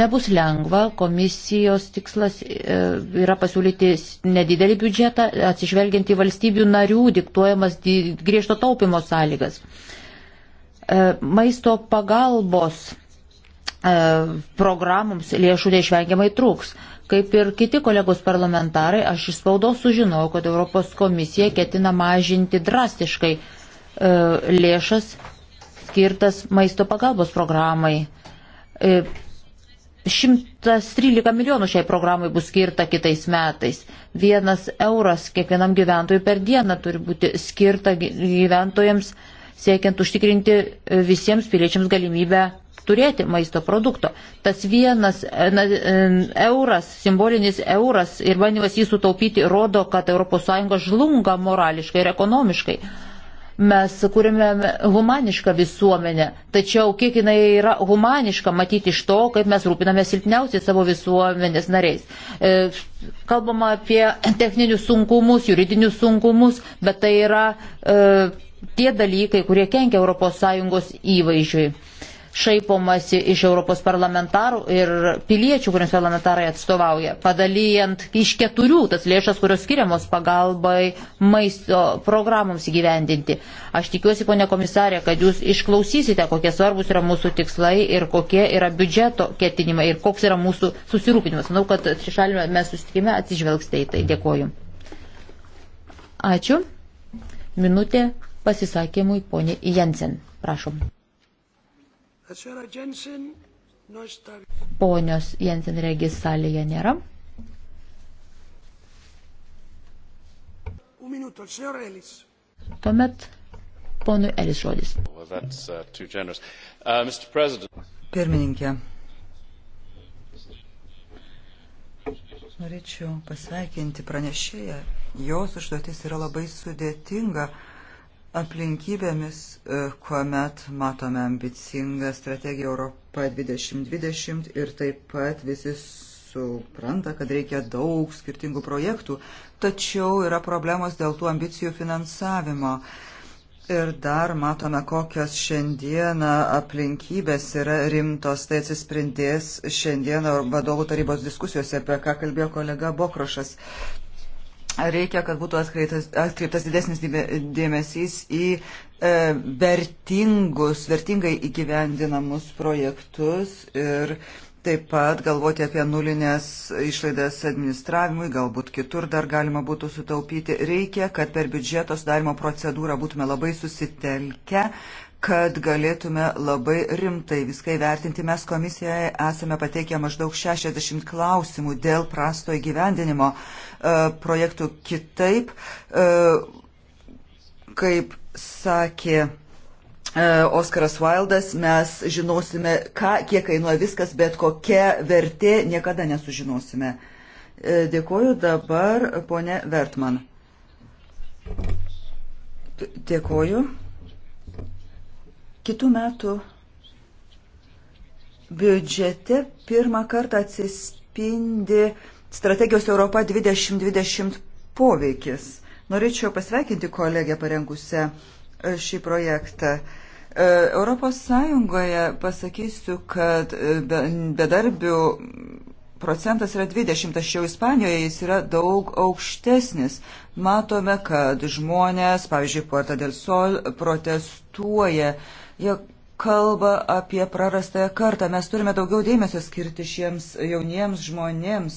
Nebus lengva, komisijos tikslas e, yra pasiūlyti nedidelį biudžetą, atsižvelgiant į valstybių narių diktuojamas griežto taupimo sąlygas. E, maisto pagalbos programoms lėšų neišvengiamai trūks. Kaip ir kiti kolegos parlamentarai, aš iš spaudos sužinojau, kad Europos komisija ketina mažinti drastiškai e, lėšas skirtas maisto pagalbos programai. E, 113 milijonų šiai programai bus skirta kitais metais. Vienas euras kiekvienam gyventojui per dieną turi būti skirta gyventojams siekiant užtikrinti e, visiems piliečiams galimybę turėti maisto produkto. Tas vienas e, na, e, euras, simbolinis euras ir bandymas jį sutaupyti rodo, kad ES žlunga morališkai ir ekonomiškai. Mes kūrėme humanišką visuomenę, tačiau kiek jinai yra humaniška matyti iš to, kaip mes rūpiname silpniausiai savo visuomenės nariais. E, kalbama apie techninius sunkumus, juridinius sunkumus, bet tai yra e, tie dalykai, kurie kenkia ES įvaizdžiui šaipomasi iš Europos parlamentarų ir piliečių, kuriems parlamentarai atstovauja, padalyjant iš keturių tas lėšas, kurios skiriamos pagalbai maisto programoms įgyvendinti. Aš tikiuosi, ponė komisarė, kad jūs išklausysite, kokie svarbus yra mūsų tikslai ir kokie yra biudžeto ketinimai ir koks yra mūsų susirūpinimas. Manau, kad trišalime mes susitikime atsižvelgsite į tai. Dėkoju. Ačiū. Minutė pasisakymui ponė Jensen. Prašom. Ponios Jensen regis salėje nėra. Tuomet ponui Elis žodis. Uh, uh, Pirmininkė, norėčiau pasveikinti pranešėją. Jos užduotis yra labai sudėtinga. Uh, aplinkybėmis, e, kuomet matome ambicingą strategiją Europa 2020 ir taip pat visi supranta, kad reikia daug skirtingų projektų, tačiau yra problemos dėl tų ambicijų finansavimo. Ir dar matome, kokios šiandieną aplinkybės yra rimtos, tai atsispindės šiandieną vadovų tarybos diskusijose, apie ką kalbėjo kolega Bokrošas reikia, kad būtų atkreiptas, atkreiptas didesnis dėmesys į e, vertingus, vertingai įgyvendinamus projektus ir taip pat galvoti apie nulinės išlaidas administravimui, galbūt kitur dar galima būtų sutaupyti. Reikia, kad per biudžeto sudarimo procedūrą būtume labai susitelkę, kad galėtume labai rimtai viską įvertinti. Mes komisijoje esame pateikę maždaug 60 klausimų dėl prasto įgyvendinimo e, projektų kitaip, e, kaip sakė e, Oskaras Vaildas, mes žinosime, ką, kiek kainuoja viskas, bet kokia vertė niekada nesužinosime. Dėkuoju dabar ponė Vertman. Dėkuoju. Kitų metų biudžete pirmą kartą atsispindi strategijos Europa 2020 poveikis. Norėčiau pasveikinti kolegę parengusią e, šį projektą. E, Europos Sąjungoje pasakysiu, kad e, bedarbių procentas yra 20, tačiau Ispanijoje jis yra daug aukštesnis. Matome, kad žmonės, pavyzdžiui, Puerta del Sol protestuoja uh, Jie kalba apie prarastąją kartą. Mes turime daugiau dėmesio skirti šiems jauniems žmonėms.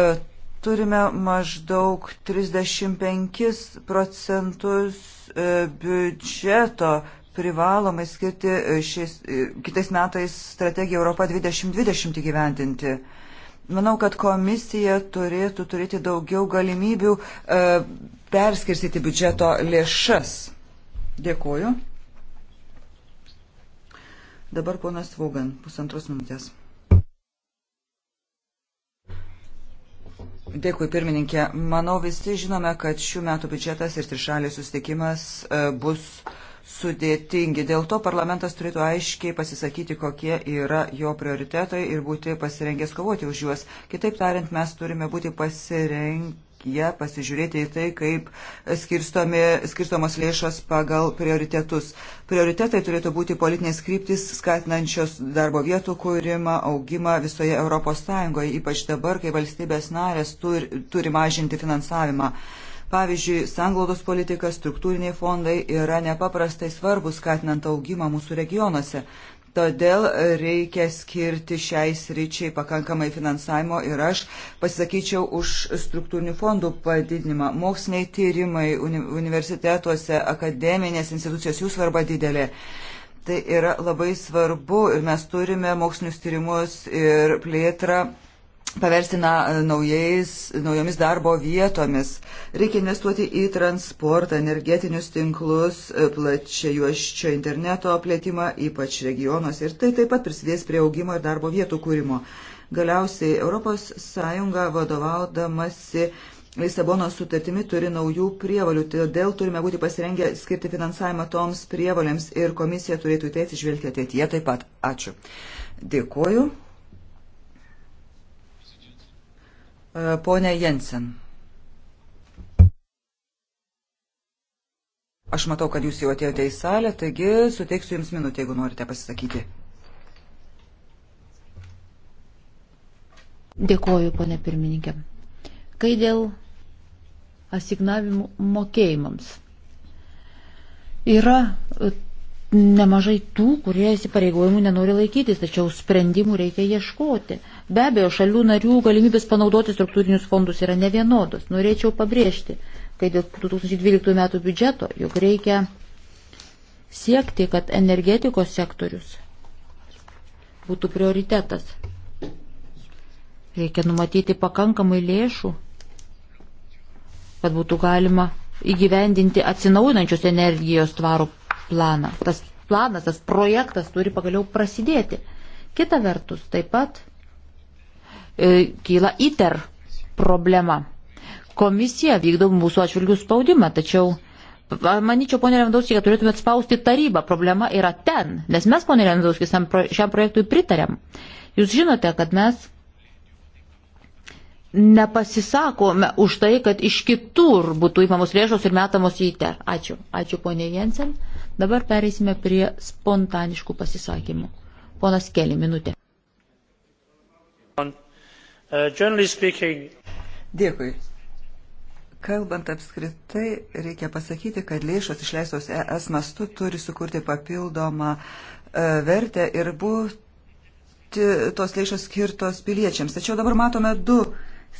E, turime maždaug 35 procentus e, biudžeto privalomai skirti e, šiais, kitais metais strategiją Europą 2020 įgyvendinti. Manau, kad komisija turėtų turėti daugiau galimybių e, perskirstyti biudžeto lėšas. Dėkuoju. Dabar ponas Vaugan, pusantros minutės. Dėkui, pirmininkė. Manau, visi žinome, kad šių metų biudžetas ir trišalės susitikimas e, bus sudėtingi. Dėl to parlamentas turėtų aiškiai pasisakyti, kokie yra jo prioritetai ir būti pasirengęs kovoti už juos. Kitaip tariant, mes turime būti pasirengę strategiją, pasižiūrėti į tai, kaip skirstomos lėšos pagal prioritetus. Prioritetai turėtų būti politinės kryptis, skatinančios darbo vietų kūrimą, augimą visoje ES, ypač dabar, kai valstybės narės turi, turi mažinti finansavimą. Pavyzdžiui, sanglaudos politika, struktūriniai fondai yra nepaprastai svarbus skatinant augimą mūsų regionuose. Todėl reikia skirti šiai sričiai pakankamai finansavimo ir aš pasisakyčiau už struktūrinių fondų padidinimą. Moksliniai tyrimai universitetuose, akademinės institucijos, jų svarba didelė. Tai yra labai svarbu ir mes turime mokslinius tyrimus ir plėtrą paversti na, naujais, naujomis darbo vietomis. Reikia investuoti į transportą, energetinius tinklus, e, plačiai juoščio interneto plėtimą, ypač regionuose. Ir tai taip pat prisidės prie augimo ir darbo vietų kūrimo. Galiausiai ES vadovaudamasi Lisabonos sutartimi turi naujų prievalių, todėl turime būti pasirengę skirti finansavimą toms prievalėms ir komisija turėtų į tai atsižvelgti ateityje taip pat. Ačiū. Dėkuoju. E, Pone Jensen. Aš matau, kad jūs jau atėjote į salę, taigi suteiksiu jums minutę, jeigu norite pasisakyti. Dėkoju, ponė pirmininkė. Kai dėl asignavimų mokėjimams yra e, nemažai tų, kurie įsipareigojimų nenori laikytis, tačiau sprendimų reikia ieškoti. Be abejo, šalių narių galimybės panaudoti struktūrinius fondus yra nevienodos. Norėčiau pabrėžti, kai dėl 2012 metų biudžeto, jog reikia siekti, kad energetikos sektorius būtų prioritetas. Reikia numatyti pakankamai lėšų, kad būtų galima įgyvendinti atsinaujinančios energijos tvarų planą. Tas planas, tas projektas turi pagaliau prasidėti. Kita vertus, taip pat E, kyla ITER problema. Komisija vykdo mūsų atšvilgių spaudimą, tačiau manyčiau, ponė Levandauskė, kad turėtumėt spausti tarybą. Problema yra ten, nes mes, ponė Levandauskė, šiam projektui pritarėm. Jūs žinote, kad mes nepasisakome už tai, kad iš kitur būtų įmamos lėšos ir metamos į ITER. Ačiū. Ačiū, ponė Jensen. Dabar pereisime prie spontaniškų pasisakymų. Ponas Keli, minutė. Uh, speaking... Dėkui. Kalbant apskritai, reikia pasakyti, kad lėšos išleistos ES mastu turi sukurti papildomą uh, vertę ir būti tos lėšos skirtos piliečiams. Tačiau dabar matome du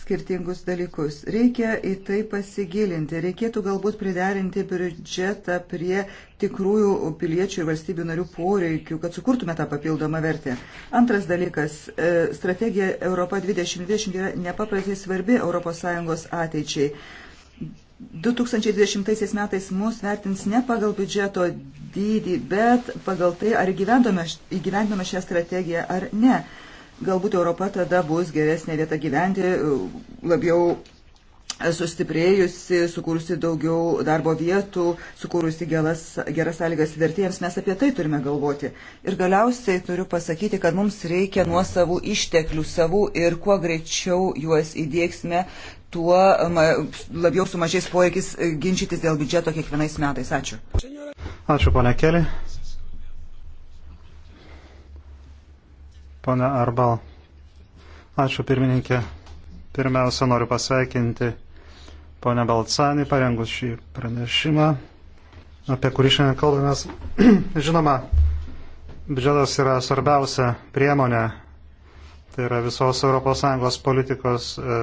skirtingus dalykus. Reikia į tai pasigilinti. Reikėtų galbūt priderinti biudžetą prie tikrųjų piliečių ir valstybių narių poreikių, kad sukurtume tą papildomą vertę. Antras dalykas e, - strategija Europa 2020 yra nepaprastai svarbi ES ateičiai. 2020 metais mus vertins ne pagal biudžeto dydį, bet pagal tai, ar įgyvendome šią strategiją ar ne. Galbūt Europa tada bus geresnė vieta gyventi, labiau sustiprėjusi, sukūrusi daugiau darbo vietų, sukūrusi gelas, geras sąlygas vertėjams, mes apie tai turime galvoti. Ir galiausiai turiu pasakyti, kad mums reikia nuo savų išteklių savų ir kuo greičiau juos įdėksime, tuo labiau sumažės poreikis ginčytis dėl biudžeto kiekvienais metais. Ačiū. Ačiū, ponia Keli. Pana Arbal. Ačiū pirmininkė. Pirmiausia, noriu pasveikinti ponę Balcanį, parengus šį pranešimą, apie kurį šiandien kalbame. [CLEARS THROAT] Žinoma, biudžetas yra svarbiausia priemonė, tai yra visos ES politikos e,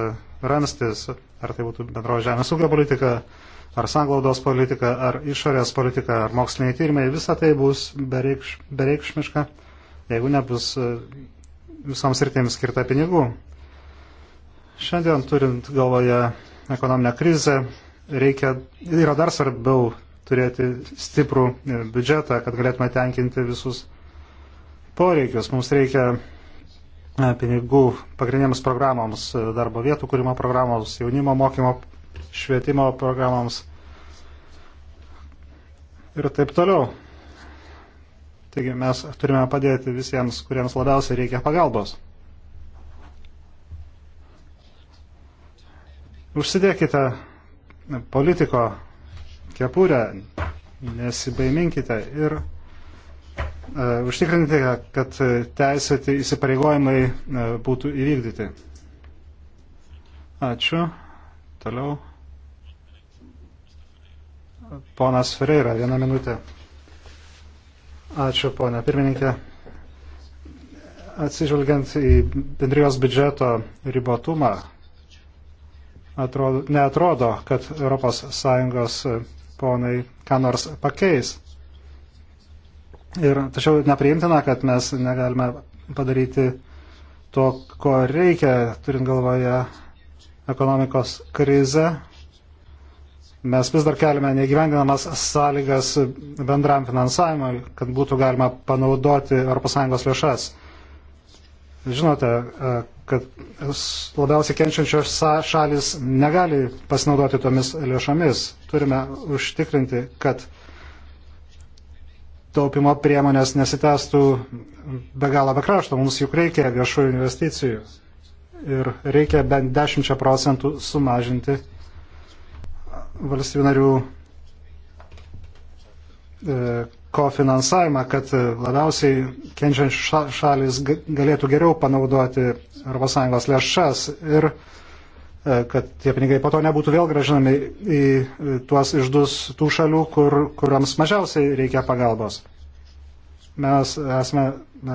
ramstis, ar tai būtų bendro žemės ūkio politika, ar sanglaudos politika, ar išorės politika, ar moksliniai tyrimai, visa tai bus bereikš, bereikšmiška. Bereikš jeigu nebus e, visoms rytėms skirta pinigų. Šiandien turint galvoje ekonominę krizę, reikia, yra dar svarbiau turėti stiprų e, biudžetą, kad galėtume tenkinti visus poreikius. Mums reikia e, pinigų pagrindiniams programams, darbo vietų kūrimo programams, jaunimo mokymo, švietimo programams ir taip toliau. Taigi mes turime padėti visiems, kuriems labiausiai reikia pagalbos. Užsidėkite politiko kepurę, nesibaiminkite ir uh, užtikrinkite, kad teisėti įsipareigojimai uh, būtų įvykdyti. Ačiū. Toliau. Ponas Ferreira, vieną minutę. Ačiū, ponia pirmininkė. Atsižvelgiant į bendrijos biudžeto ribotumą, atrodo, neatrodo, kad ES ponai ką nors pakeis. Ir tačiau nepriimtina, kad mes negalime padaryti to, ko reikia, turint galvoje ekonomikos krizę mes vis dar keliame negyvendinamas sąlygas bendram finansavimui, kad būtų galima panaudoti ES lėšas. Žinote, e, kad labiausiai kenčiančios šalis negali pasinaudoti tomis lėšomis. Turime užtikrinti, kad taupimo priemonės nesitestų be galo be krašto. Mums juk reikia viešųjų investicijų ir reikia bent 10 procentų sumažinti valstybių narių e, kofinansavimą, kad labiausiai kenčiančios šalis galėtų geriau panaudoti ES lėšas ir e, kad tie pinigai po to nebūtų vėl gražinami į tuos išdus tų šalių, kur, kuriams mažiausiai reikia pagalbos. Mes esame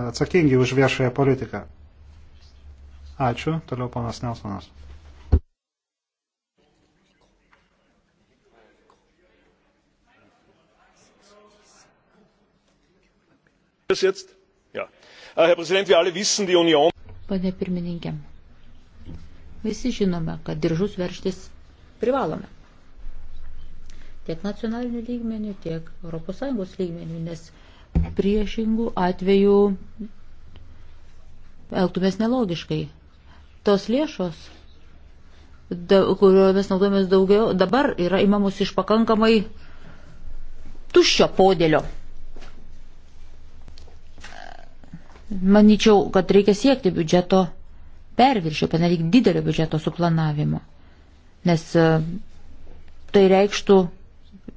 atsakingi už viešąją politiką. Ačiū. Toliau ponas Nelsonas. Äh, Pane pirmininkė, visi žinome, kad diržus verštis privalome. Tiek nacionalinių lygmenių, tiek ES lygmenių, nes priešingų atvejų elgtumės nelogiškai. Tos lėšos, da, kurio mes naudojame daugiau, dabar yra imamos iš pakankamai tuščio podėlio. Maničiau, kad reikia siekti biudžeto perviršio, penelik didelio biudžeto suplanavimo. Nes e, tai reikštų,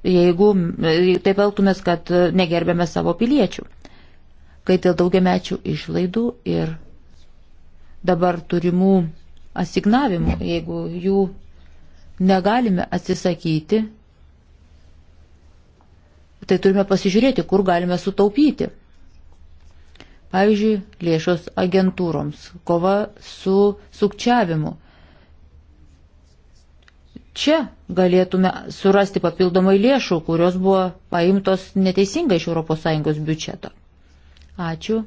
jeigu e, taip elgtumės, kad e, negerbėme savo piliečių. Kai dėl daugiamečių išlaidų ir dabar turimų asignavimų, jeigu jų negalime atsisakyti, tai turime pasižiūrėti, kur galime sutaupyti. Pavyzdžiui, lėšos agentūroms, kova su sukčiavimu. Čia galėtume surasti papildomai lėšų, kurios buvo paimtos neteisingai iš ES biudžeto. Ačiū.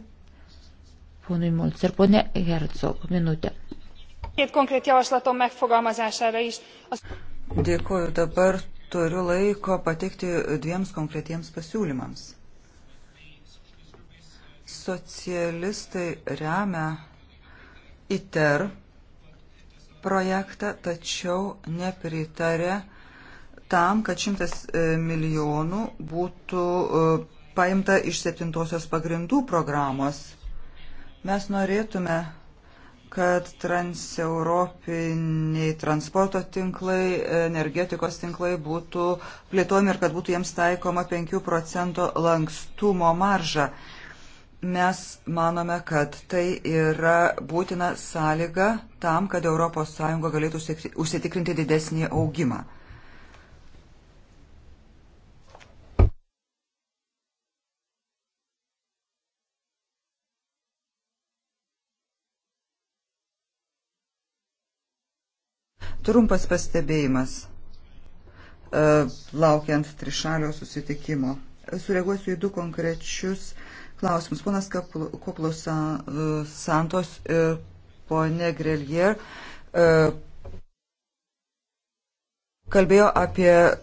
Ponui Mulcer, ponė Herzog, minutė. Dėkuoju, dabar turiu laiko pateikti dviems konkretiems pasiūlymams. Socialistai remia ITER projektą, tačiau nepritarė tam, kad šimtas e, milijonų būtų e, paimta iš septintosios pagrindų programos. Mes norėtume, kad transeuropiniai transporto tinklai, energetikos tinklai būtų plėtojami ir kad būtų jiems taikoma 5 procento lankstumo marža. Mes manome, kad tai yra būtina sąlyga tam, kad ES galėtų užsitikrinti didesnį augimą. Trumpas pastebėjimas, e, laukiant trišalio susitikimo. Sureaguosiu į du konkrečius klausimus. Ponas Kuklus e, Santos ir ponė Grelier e, kalbėjo apie e,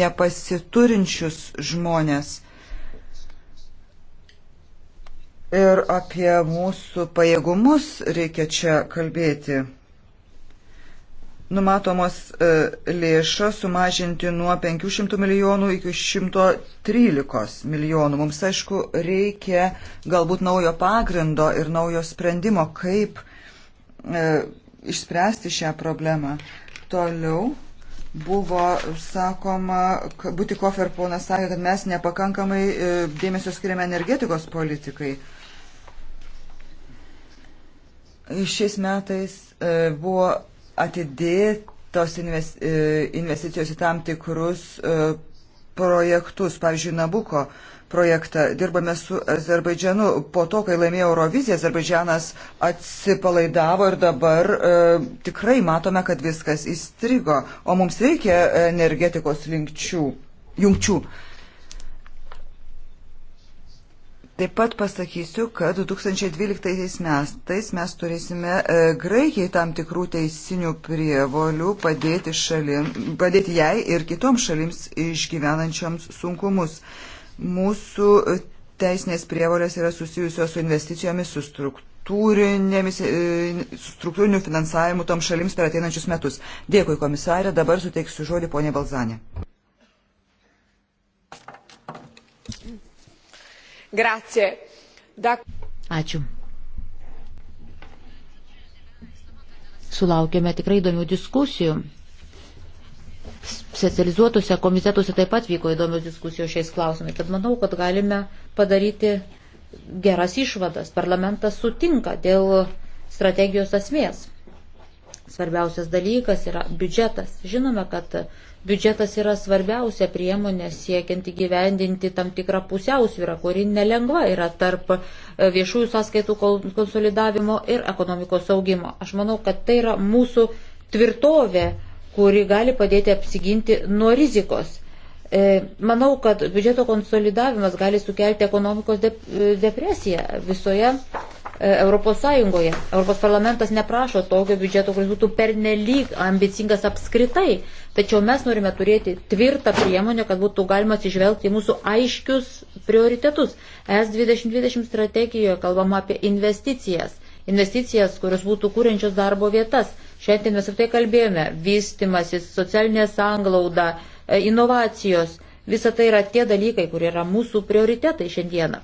nepasiturinčius žmonės ir apie mūsų pajėgumus reikia čia kalbėti numatomos e, lėšos sumažinti nuo 500 milijonų iki 113 milijonų. Mums, aišku, reikia galbūt naujo pagrindo ir naujo sprendimo, kaip e, išspręsti šią problemą. Toliau buvo sakoma, Butikofer ponas sakė, kad mes nepakankamai e, dėmesio skiriame energetikos politikai. Šiais metais e, buvo atidėtos e, investicijos į tam tikrus e, projektus, pavyzdžiui, Nabuko projektą. Dirbame su Azerbaidžianu. Po to, kai laimėjo Euroviziją, Azerbaidžianas atsipalaidavo ir dabar e, tikrai matome, kad viskas įstrigo. O mums reikia energetikos linkčių, jungčių. E, Taip pat pasakysiu, kad 2012 metais mes turėsime e, Graikijai tam tikrų teisinių prievolių padėti, šalim, padėti jai ir kitoms šalims išgyvenančioms sunkumus. Mūsų e, teisinės prievolės yra susijusios su investicijomis, su struktūrinėmis, e, su struktūriniu finansavimu toms šalims per ateinančius metus. Dėkui komisarė, dabar suteiksiu žodį ponė Balzanė. Grazie. Da... Ačiū. Sulaukėme tikrai įdomių diskusijų. Specializuotose komitetuose taip pat vyko įdomios diskusijos šiais klausimais, tad manau, kad galime padaryti geras išvadas. Parlamentas sutinka dėl strategijos esmės. Svarbiausias dalykas yra biudžetas. Žinome, kad Biudžetas yra svarbiausia priemonė siekiant įgyvendinti tam tikrą pusiausvyrą, kuri nelengva yra tarp e, viešųjų sąskaitų konsolidavimo ir ekonomikos augimo. Aš manau, kad tai yra mūsų tvirtovė, kuri gali padėti apsiginti nuo rizikos. E, manau, kad biudžeto konsolidavimas gali sukelti ekonomikos e, depresiją visoje Europos Sąjungoje. Europos parlamentas neprašo tokio biudžeto, kuris būtų pernelyg ambicingas apskritai, tačiau mes norime turėti tvirtą priemonę, kad būtų galima atsižvelgti į mūsų aiškius prioritetus. S2020 strategijoje kalbama apie investicijas, investicijas, kurios būtų kūrenčios darbo vietas. Šiandien mes apie tai kalbėjome - vystimasis, socialinė sanglauda, e, inovacijos. Visa tai yra tie dalykai, kurie yra mūsų prioritetai šiandieną.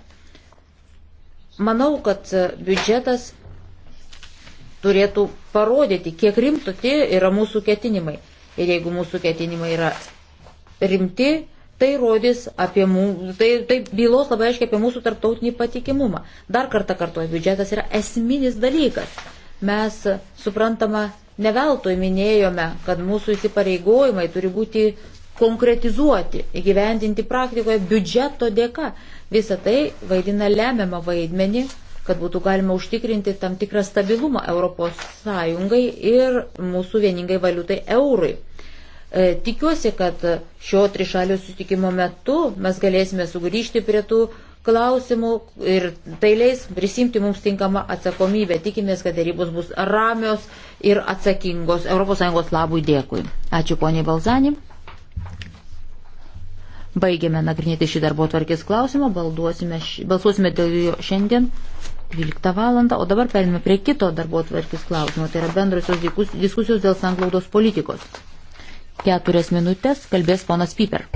Manau, kad e, biudžetas turėtų parodyti, kiek rimto tie yra mūsų ketinimai. Ir jeigu mūsų ketinimai yra rimti, tai rodys apie mūsų, tai, tai bylos labai aiškiai apie mūsų tarptautinį patikimumą. Dar kartą kartuoju, biudžetas yra esminis dalykas. Mes, e, suprantama, neveltui minėjome, kad mūsų įsipareigojimai turi būti konkretizuoti, įgyvendinti praktikoje biudžeto dėka. Visą tai vaidina lemiamą vaidmenį, kad būtų galima užtikrinti tam tikrą stabilumą Europos Sąjungai ir mūsų vieningai valiutai eurui. E, tikiuosi, kad šio trišalio sutikimo metu mes galėsime sugrįžti prie tų klausimų ir tai leis prisimti mums tinkamą atsakomybę. Tikimės, kad darybos bus ramios ir atsakingos. ES labui dėkui. Ačiū poniai Balzani. Baigėme nagrinėti šį darbo tvarkės klausimą, balsuosime dėl jo šiandien 12 val. O dabar perėmėme prie kito darbo tvarkės klausimo, tai yra bendrosios diskusijos dėl sanglaudos politikos. Keturias minutės kalbės ponas Piper.